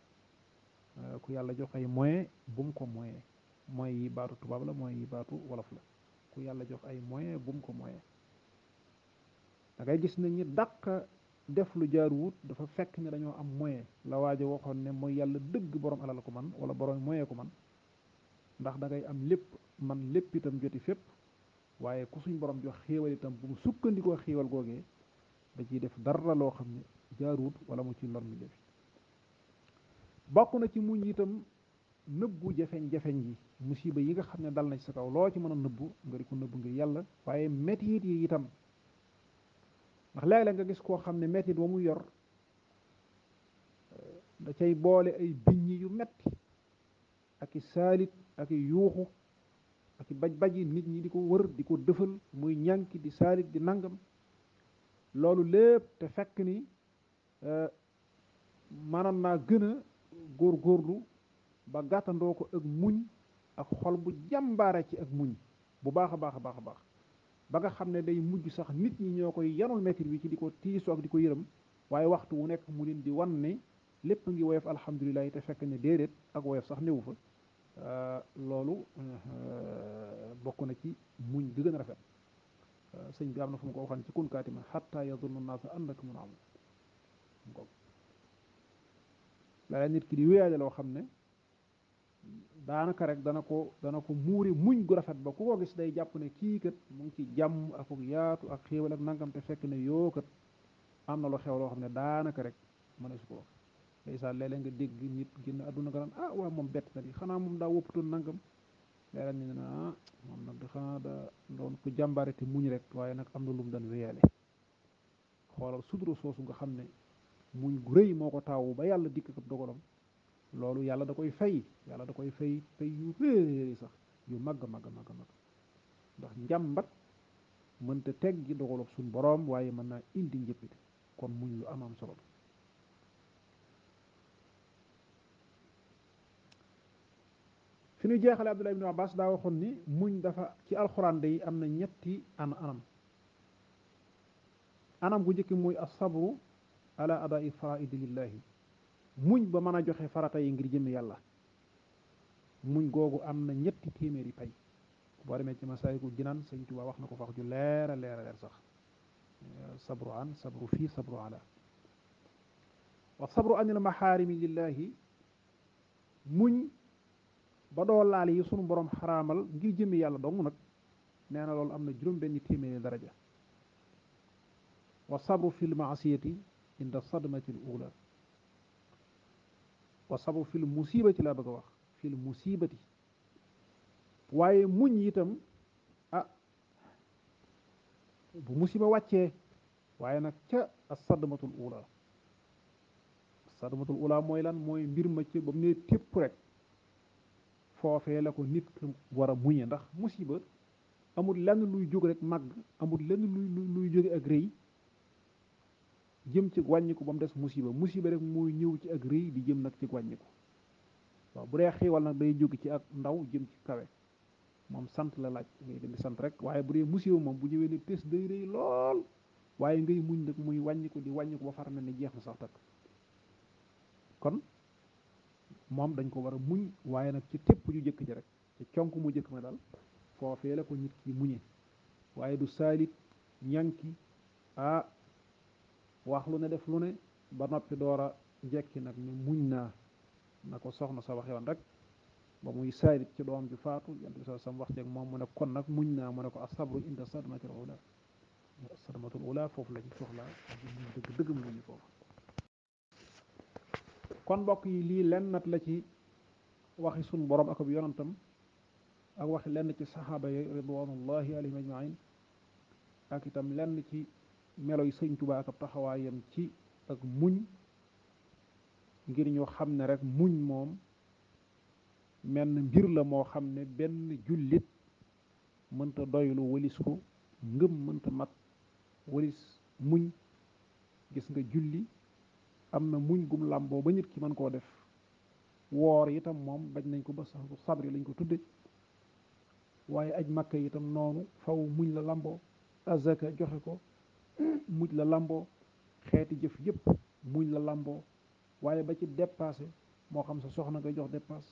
euh, ku yàlla jox ay moyen bu mu ko moyee moyen yi baatu tubaab la moyen yi baatu wolof la ku yàlla jox ay moyen bu mu ko moyee dangay gis ne ñi dàq def lu jaar wut dafa fekk ne dañoo am moyen la waajo waxoon ne mooy yàlla dëgg borom alal ko man wala borom moyen ko man ndax dangay am lépp man lépp itam joti fépp waaye ku suñ borom jox xéewal itam bu mu sukkandikoo xéewal googee da ciy def dara loo xam ne jaaruut wala mu ci lor mi def bokk na ci muñ itam nëbbu jafeñ-jafeñ yi musiba yi nga xam ne dal na ci sa kaw loo ci mën a nëbbu nga di ko nëbbu ngir yàlla waaye métit yi itam ndax léeg-léeg nga gis koo xam ne métit ba mu yor eh, da cay boole ay biññi yu metti ak i saalit ak i yuuxu ak i baj-baj yi nit ñi di ko wër di ko dëfal muy ñànki di saalit di nangam loolu lépp te fekk ni euh, mënoon naa gën a góorgóorlu ba gàttandoo ko ak muñ ak xol bu jàmbaare ci ak muñ bu baax a baax a baax baax ba nga xam ne day mujj sax nit ñi ñoo koy yanul mettit bi ci di ko tiisoo ak di ko yërëm waaye waxtu wu nekk mu leen di wan ne lépp ngi woyof alhamdulilah te fekk ne déedéet ak woyof sax néwu fa euh, loolu euh, bokk na ci muñ gi gën a rafet Euh, sëñ bi am na fu mu ko waxoon ci kun kaatima xatta yazunnu naasa annaka mun am ko la nit ki di wéyaale loo xam ne daanaka rek dana ko dana ko muuri muñ gu rafet ba ku ko gis day jàpp ne kii kat mu ngi ci jàmm ak yaatu ak xéewal ak nangam te fekk ne yoo kat am na loo xew loo xam ne daanaka rek mën a su ko wax ndeysaan léeg-léeg nga dégg nit génn àdduna nga naan ah waaw moom bett na di xanaa moom daa woppatoon nangam leeral ñu ne ah moom nag dafa da doon ku jàmbaare te muñ rek waaye nag am na lu mu doon wéyale xoolal sutura soosu nga xam ne muñ gu rëy moo ko taawu ba yàlla dikk ak dogalam loolu yàlla da koy fay yàlla da koy fay fay yu réy sax yu màgg màgg màgg màgg ndax njàmbat mënta teg gi dogalub suñ boroom waaye mën naa indi njëppite kon muñ lu am am solo suñu jeexale Abdullah ibn Abbas daa waxoon ni muñ dafa ci alxuraan day am na ñetti an anam anam gu njëkk muy a sabru ala adaa'i faraa'idi lillahi muñ ba mën a joxe farata yi ngir jëmmi yàlla muñ googu am na ñetti téeméeri pay boo demee ci masaayiku jinaan sëñ Tuubaa wax na ko fax ju leer a leer a leer sax sabru an sabru fii sabru ala wa sabru anil maxaarimi lillahi muñ ba doo laal yi sunu borom xaraamal ngir jëmmi yàlla dong nag nee na loolu am na juróom benn téeméeri daraja wa sabru fil maasiyati inda fil musibati laa bëgg a wax fil musibati waaye muñ itam ah bu musiba wàccee waaye nag ca asadmatul ula asadmatul ula mooy lan mooy mbir ma ci ba mu ne tépp rek foofee la ko nit war a muñe ndax musiba amul lenn luy jóg rek màgg amul lenn luy luy jóge ak rëy jëm ci wàññiku ba mu des musiba musiba rek mooy ñëw ci ak rëy di jëm nag ci wàññiku waaw bu dee xiiwal nag day jóge ci ak ndaw jëm ci kawe moom sant la laaj ngay dem di sant rek waaye bu dee musiba moom bu ñëwee ni tes day rëy lool waaye ngay muñ nag muy wàññiku di wàññiku ba far na ne jeex na sax takk kon moom dañ ko war a muñ waaye nag ci tépp ju jëkk ji rek ci conk mu jëkk ma daal foofee la ko nit ki muñe waaye du saalit ñanki ah wax lu ne def lu ne ba noppi door a jekki nag ni muñ naa na ko soxna sa waxee woon rek ba muy saalit ci doom ju faatu yant bi sa sam wax ceeg moom mu ne kon nag muñ naa mu ne ko asabru inda sadmatil ula sadmatul ula foofu lañ soxla ak muñ dëgg dëgg mu ngi foofu kon mbokk yi lii lenn nat la ci waxi sunu borom ak ab yonantam ak waxi lenn ci saxaaba yi ridwanullahi alayhim ajmain ak itam lenn ci melo yi sëñ ab taxawaayam ci ak muñ ngir ñu xam ne rek muñ moom menn mbir la moo xam ne benn jullit mënta doylu walis ko ngëm mënta mat walis muñ gis nga julli am na muñ gum làmboo ba nit ki mën koo def woor itam moom bañ nañ ko ba sax sabri lañ ko tuddee waaye aj makka yitam noonu faw muñ la làmboo azaka joxe ko muñ la làmboo xeeti jëf yëpp muñ la làmboo waaye ba ci dépassé moo xam sa soxna ngay jox dépasse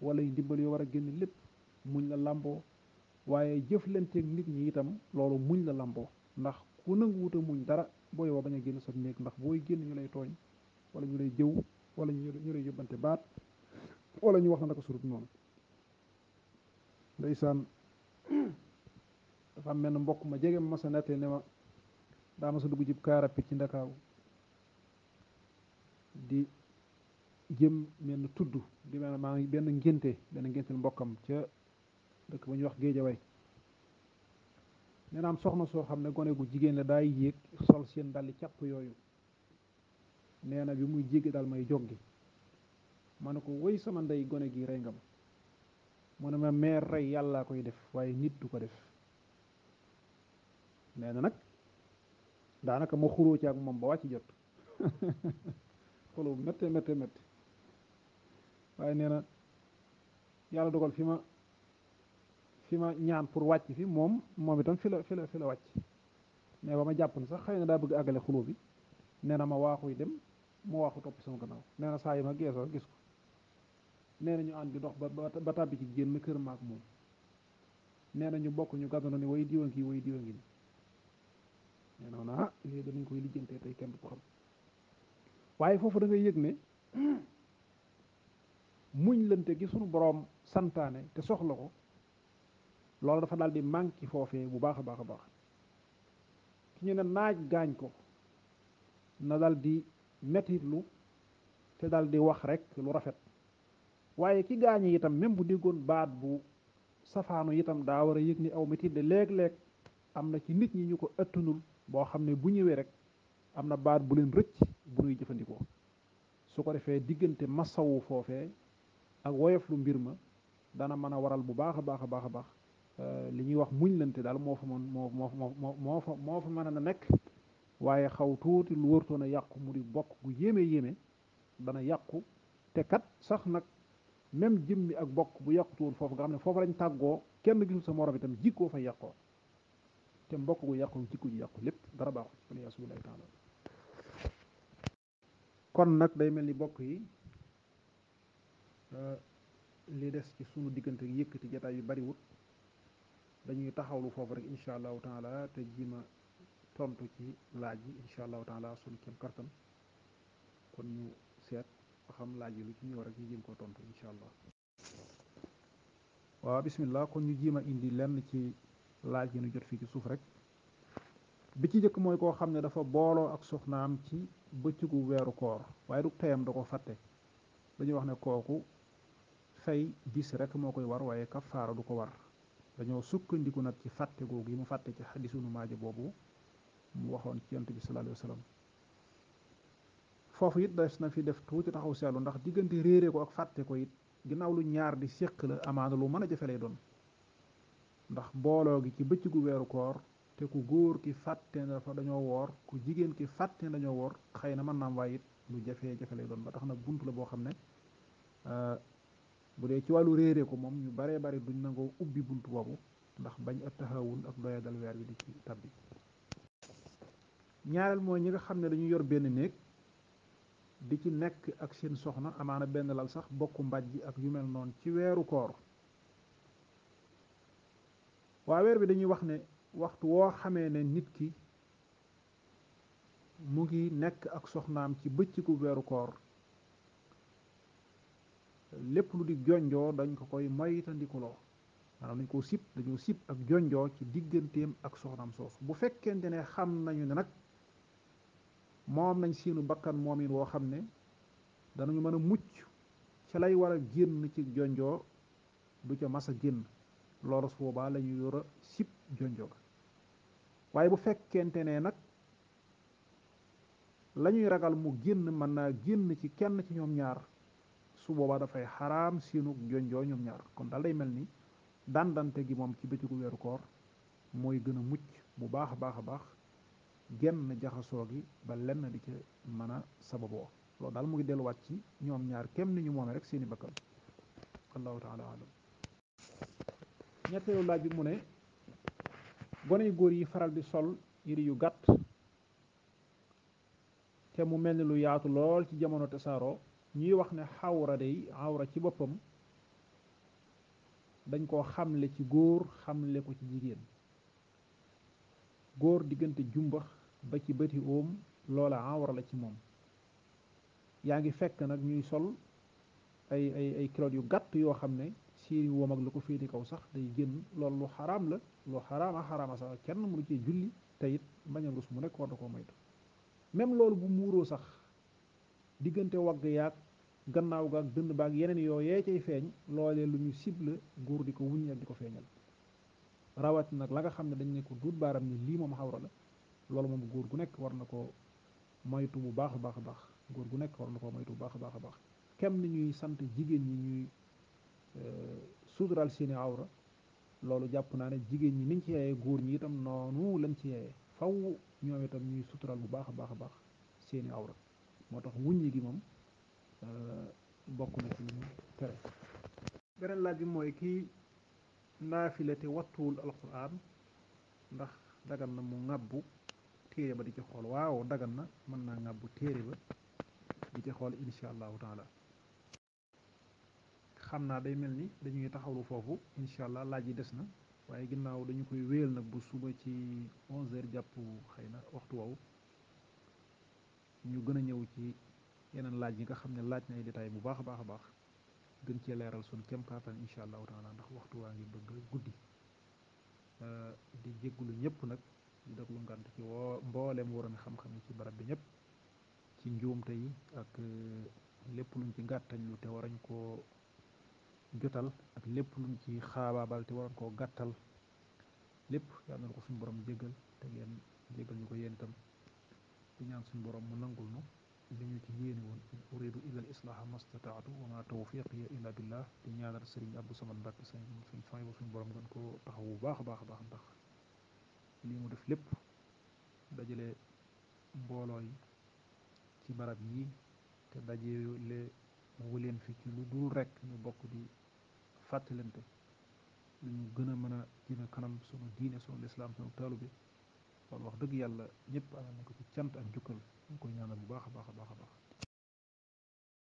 wala yu ndimbal war a génn lépp muñ la làmboo waaye jëflanteeg nit ñi itam loolu muñ la làmboo ndax ku nangu wuta muñ dara booy woo bañ a génn sa néeg ndax booy génn ñu lay tooñ wala ñu lay jëw wala ñu lay yóbbante baat walla ñu wax na naka surut noonu ndeysaan dafa am menn mbokk ma jege ma sa nettali ne ma daa ma sa dugg jib kaara ci ndakaaw di jëm menn tudd di mel maa ngi benn ngénte benn ngénteel mbokkam ca dëkk ba ñuy wax géejaway nee na am soxna soo xam ne gone gu jigéen la daay yéeg sol seen dalli càpp yooyu nee na bi muy jéggi daal may joggi ma ne ko woy sama ndey gone gi rey nga ma mu ne ma meer rey yàllaa koy def waaye nit du ko def nee na nag daanaka ma xuróo ci ak moom ba wàcc jot xolo métte waaye nee na yàlla dogal fi ma fi ma ñaan pour wàcc fi moom moom itam fi la fi la fi la wàcc mais ba ma jàppoon sax xëy na daa bëgg àggale xuloo bi neena ma waaxuy dem moo waxu topp sama gannaaw nee saa yu ma geesoo gis ko nee na ñu ànd di dox ba ba tàbbi ci génn kër maak moom nee ñu bokk ñu gàddu na ni way diwa ngi way diwa ngi ni ah, koy lijjantee tey kenn du foofu da ngay muñ lante gi boroom santaane te soxla ko loolu dafa daal di manqué foofee bu baax a baax a baax ñu ne naaj gaañ ko na daal di mettitlu te dal di wax rek lu rafet waaye ki gaañu itam même bu déggoon baat bu safaanu itam daa war a yëg ni aw mettit de léeg-léeg am na ci nit ñi ñu ko ëttanul boo xam ne bu ñëwee rek am na baat bu leen rëcc bu nuy jëfandikoo su ko defee diggante masawu foofee ak woyof lu mbir ma dana mën a waral bu baax a baax a baax a baax euh, li ñuy wax muñ lante daal moo fa mën moo moo moo moo fa moo fa mën a nekk waaye xaw tuuti lu wërtoon a yàqu mu di bokk gu yéeme yéeme dana yàqu te kat sax nag même jëmmi ak bokk bu yàqutu woon foofu nga xam ne foofu lañ tàggoo kenn gisul sa morom tam jikkoo fa yàqoo te mbokk gu yàqu jikko ji yàqu lépp dara baaxu ci bani yasubillahi taala kon nag day mel ni bokk yi euh, li des ci sunu diggante yëkkati jataay yu bariwut dañuy taxaw taxawlu foofu rek incha allahu taala te jima tontu ci laaj yi incha allahu taala suñu kem kartan kon seet xam laaj yi lu ci ñëw rek koo tontu incha allah waaw bismillah kon ñu jéem a indi lenn ci laaj yi ñu jot fii ci suuf rek bi ci njëkk mooy koo xam ne dafa booloo ak soxnaam ci bëccëgu weeru koor waaye du teyam da ko fàtte dañuy wax ne kooku fay bis rek moo koy war waaye kafaara du ko war dañoo sukkandiku nag ci fàtte googu yi mu fàtte ci xadisu nu maaja boobu mu waxoon ci yonent bi sallallahu alayhi wa foofu it des na fi def ci taxaw seetlu ndax diggante réere ko ak fàtte ko it ginnaaw lu ñaar di séq la amaana lu mën a jafe lay doon ndax mbooloo gi ci bëcc gu weeru koor te ku góor ki fàtte na dafa dañoo woor ku jigéen ki fàtte na dañoo woor xëy na mën naam waaye it lu jafe-jafe lay doon ba tax na bunt la boo xam ne euh, bu dee ci wàllu réere ko moom ñu baree bari duñ nangoo ubbi bunt boobu ndax bañ a taxawul ak doyadal weer wi di ci ñaareel mooy ñi nga xam ne dañuy yor benn néeg di ci nekk ak seen soxna amaana benn lal sax bokku mbàjj ak yu mel noonu ci weeru koor waa weer bi dañuy wax ne waxtu woo xamee ne nit ki mu ngi nekk ak soxnaam ci bëccëgu weeru koor lépp lu di jonjoo dañ ko koy moytandikuloo maanaam dañ koo sib dañoo sib ak jonjoo ci digganteem ak soxnaam soosu bu fekkente ne xam nañu ne nag moom nañ siinu bakkan moomin woo xam ne danañu mën a mucc ca lay war a génn ci jonjoo du ca mas a génn loolu su boobaa la yor a sib jonjo ga waaye bu fekkente ne nag lañuy ragal mu génn mën naa génn ci kenn ci ñoom ñaar su boobaa dafay xaraam siinu jonjoo ñoom ñaar kon daal day mel ni dandante gi moom ci bëccëgu weeru koor mooy gën a mucc bu baax a baax a baax genn jaxasoo gi ba lenn di ca mën a sababoo loolu daal mu ngi delluwaat ci ñoom ñaar kem ni ñu moome rek seeni bakkan allahu taala alam ñetteelu laaj bi mu ne gone góor yi faral di sol yëre yu gàtt te mu mel ni lu yaatu lool ci jamono tasaaroo ñuy wax ne xawra day xawra ci boppam dañ koo xamle ci góor xamle ko ci jigéen góor diggante jumbax ba ci bëti óom loola awra la ci moom yaa ngi fekk nag ñuy sol ay ay ay kiloot yu gàtt yoo xam ne siiri woom ak lu ko féete kaw sax day génn loolu lu xaraam la lu xaraama xaraama sax kenn mënu cee julli te it bañ a mu nekk war na koo moytu même loolu bu muuroo sax diggante wagg yaag gannaaw gaag dënd baag yeneen yoo yee cay feeñ loolee lu ñu cible góor di ko wuññ ak di ko feeñal rawat nag la nga xam ne dañ ne ko duut baaram ni lii moom xawra la loolu moom góor gu nekk war na ko moytu bu baax a baax a baax góor gu nekk war na ko moytu bu baax a baax a baax kem ni ñuy sant jigéen ñi ñuy euh, suutural seeni awra loolu jàpp naa ne jigéen ñi niñ ci yeyee góor ñi itam noonu lañ ci yeyee faw ñoom itam ñuy sutural bu baax a baax a baax seeni awra moo tax wuññi gi moom euh, bokk na ci li ñu tere beneen laaj bi mooy kii naafile te wattuwul alquran ndax dagan na mu ŋàbbu téere ba di ci xool waaw dagan na mën naa ngàbbu téere ba di ci xool insha allahu taala xam naa day mel ni dañuy taxawlu foofu insha allah laaj yi des na waaye ginnaaw dañu koy wéyal nag bu suba ci onze heures jàpp xëy na waxtu woowu ñu gën a ñëw ci yeneen laaj yi nga xam ne laaj na ay détail bu baax a baax a baax gën cee leeral suñ kem kàttan insha allahu taala ndax waxtu waa ngi bëgg guddi di jéggulu ñépp nag di déglu ngant ci woo mboolem waroon xam-xam yi ci barab bi ñëpp ci njuumte yi ak euh, lépp luñ ci gàttañ lu te warañ koo jotal ak lépp luñ ci xaabaabal te waroon koo gàttal lépp yàlla na ko suñu borom jéggal te ngeen jéggal ñu ko yéen itam di ñaan suñu borom mu nangul nu li ci yéene woon in uridu illa al a mastataatu wa ma tawfiqi illa billah di ñaanal sëriñ Abdou Samad Mbàkke sëriñ sëriñ Fay ba borom gën koo taxaw bu baax a baax a baax ndax lii mu def lépp dajale mbooloo yi ci barab yi te dajale leen fi ci lu dul rekk ñu bokk di fàttalante lu ñu gën a mën a jëme kanam sunu diinee sunu lislaam sunu taalu bi loolu wax dëgg yàlla ñëpp am nañ ko ci cant ak njukkal ñu koy ñaanal bu baax a baax a baax a baax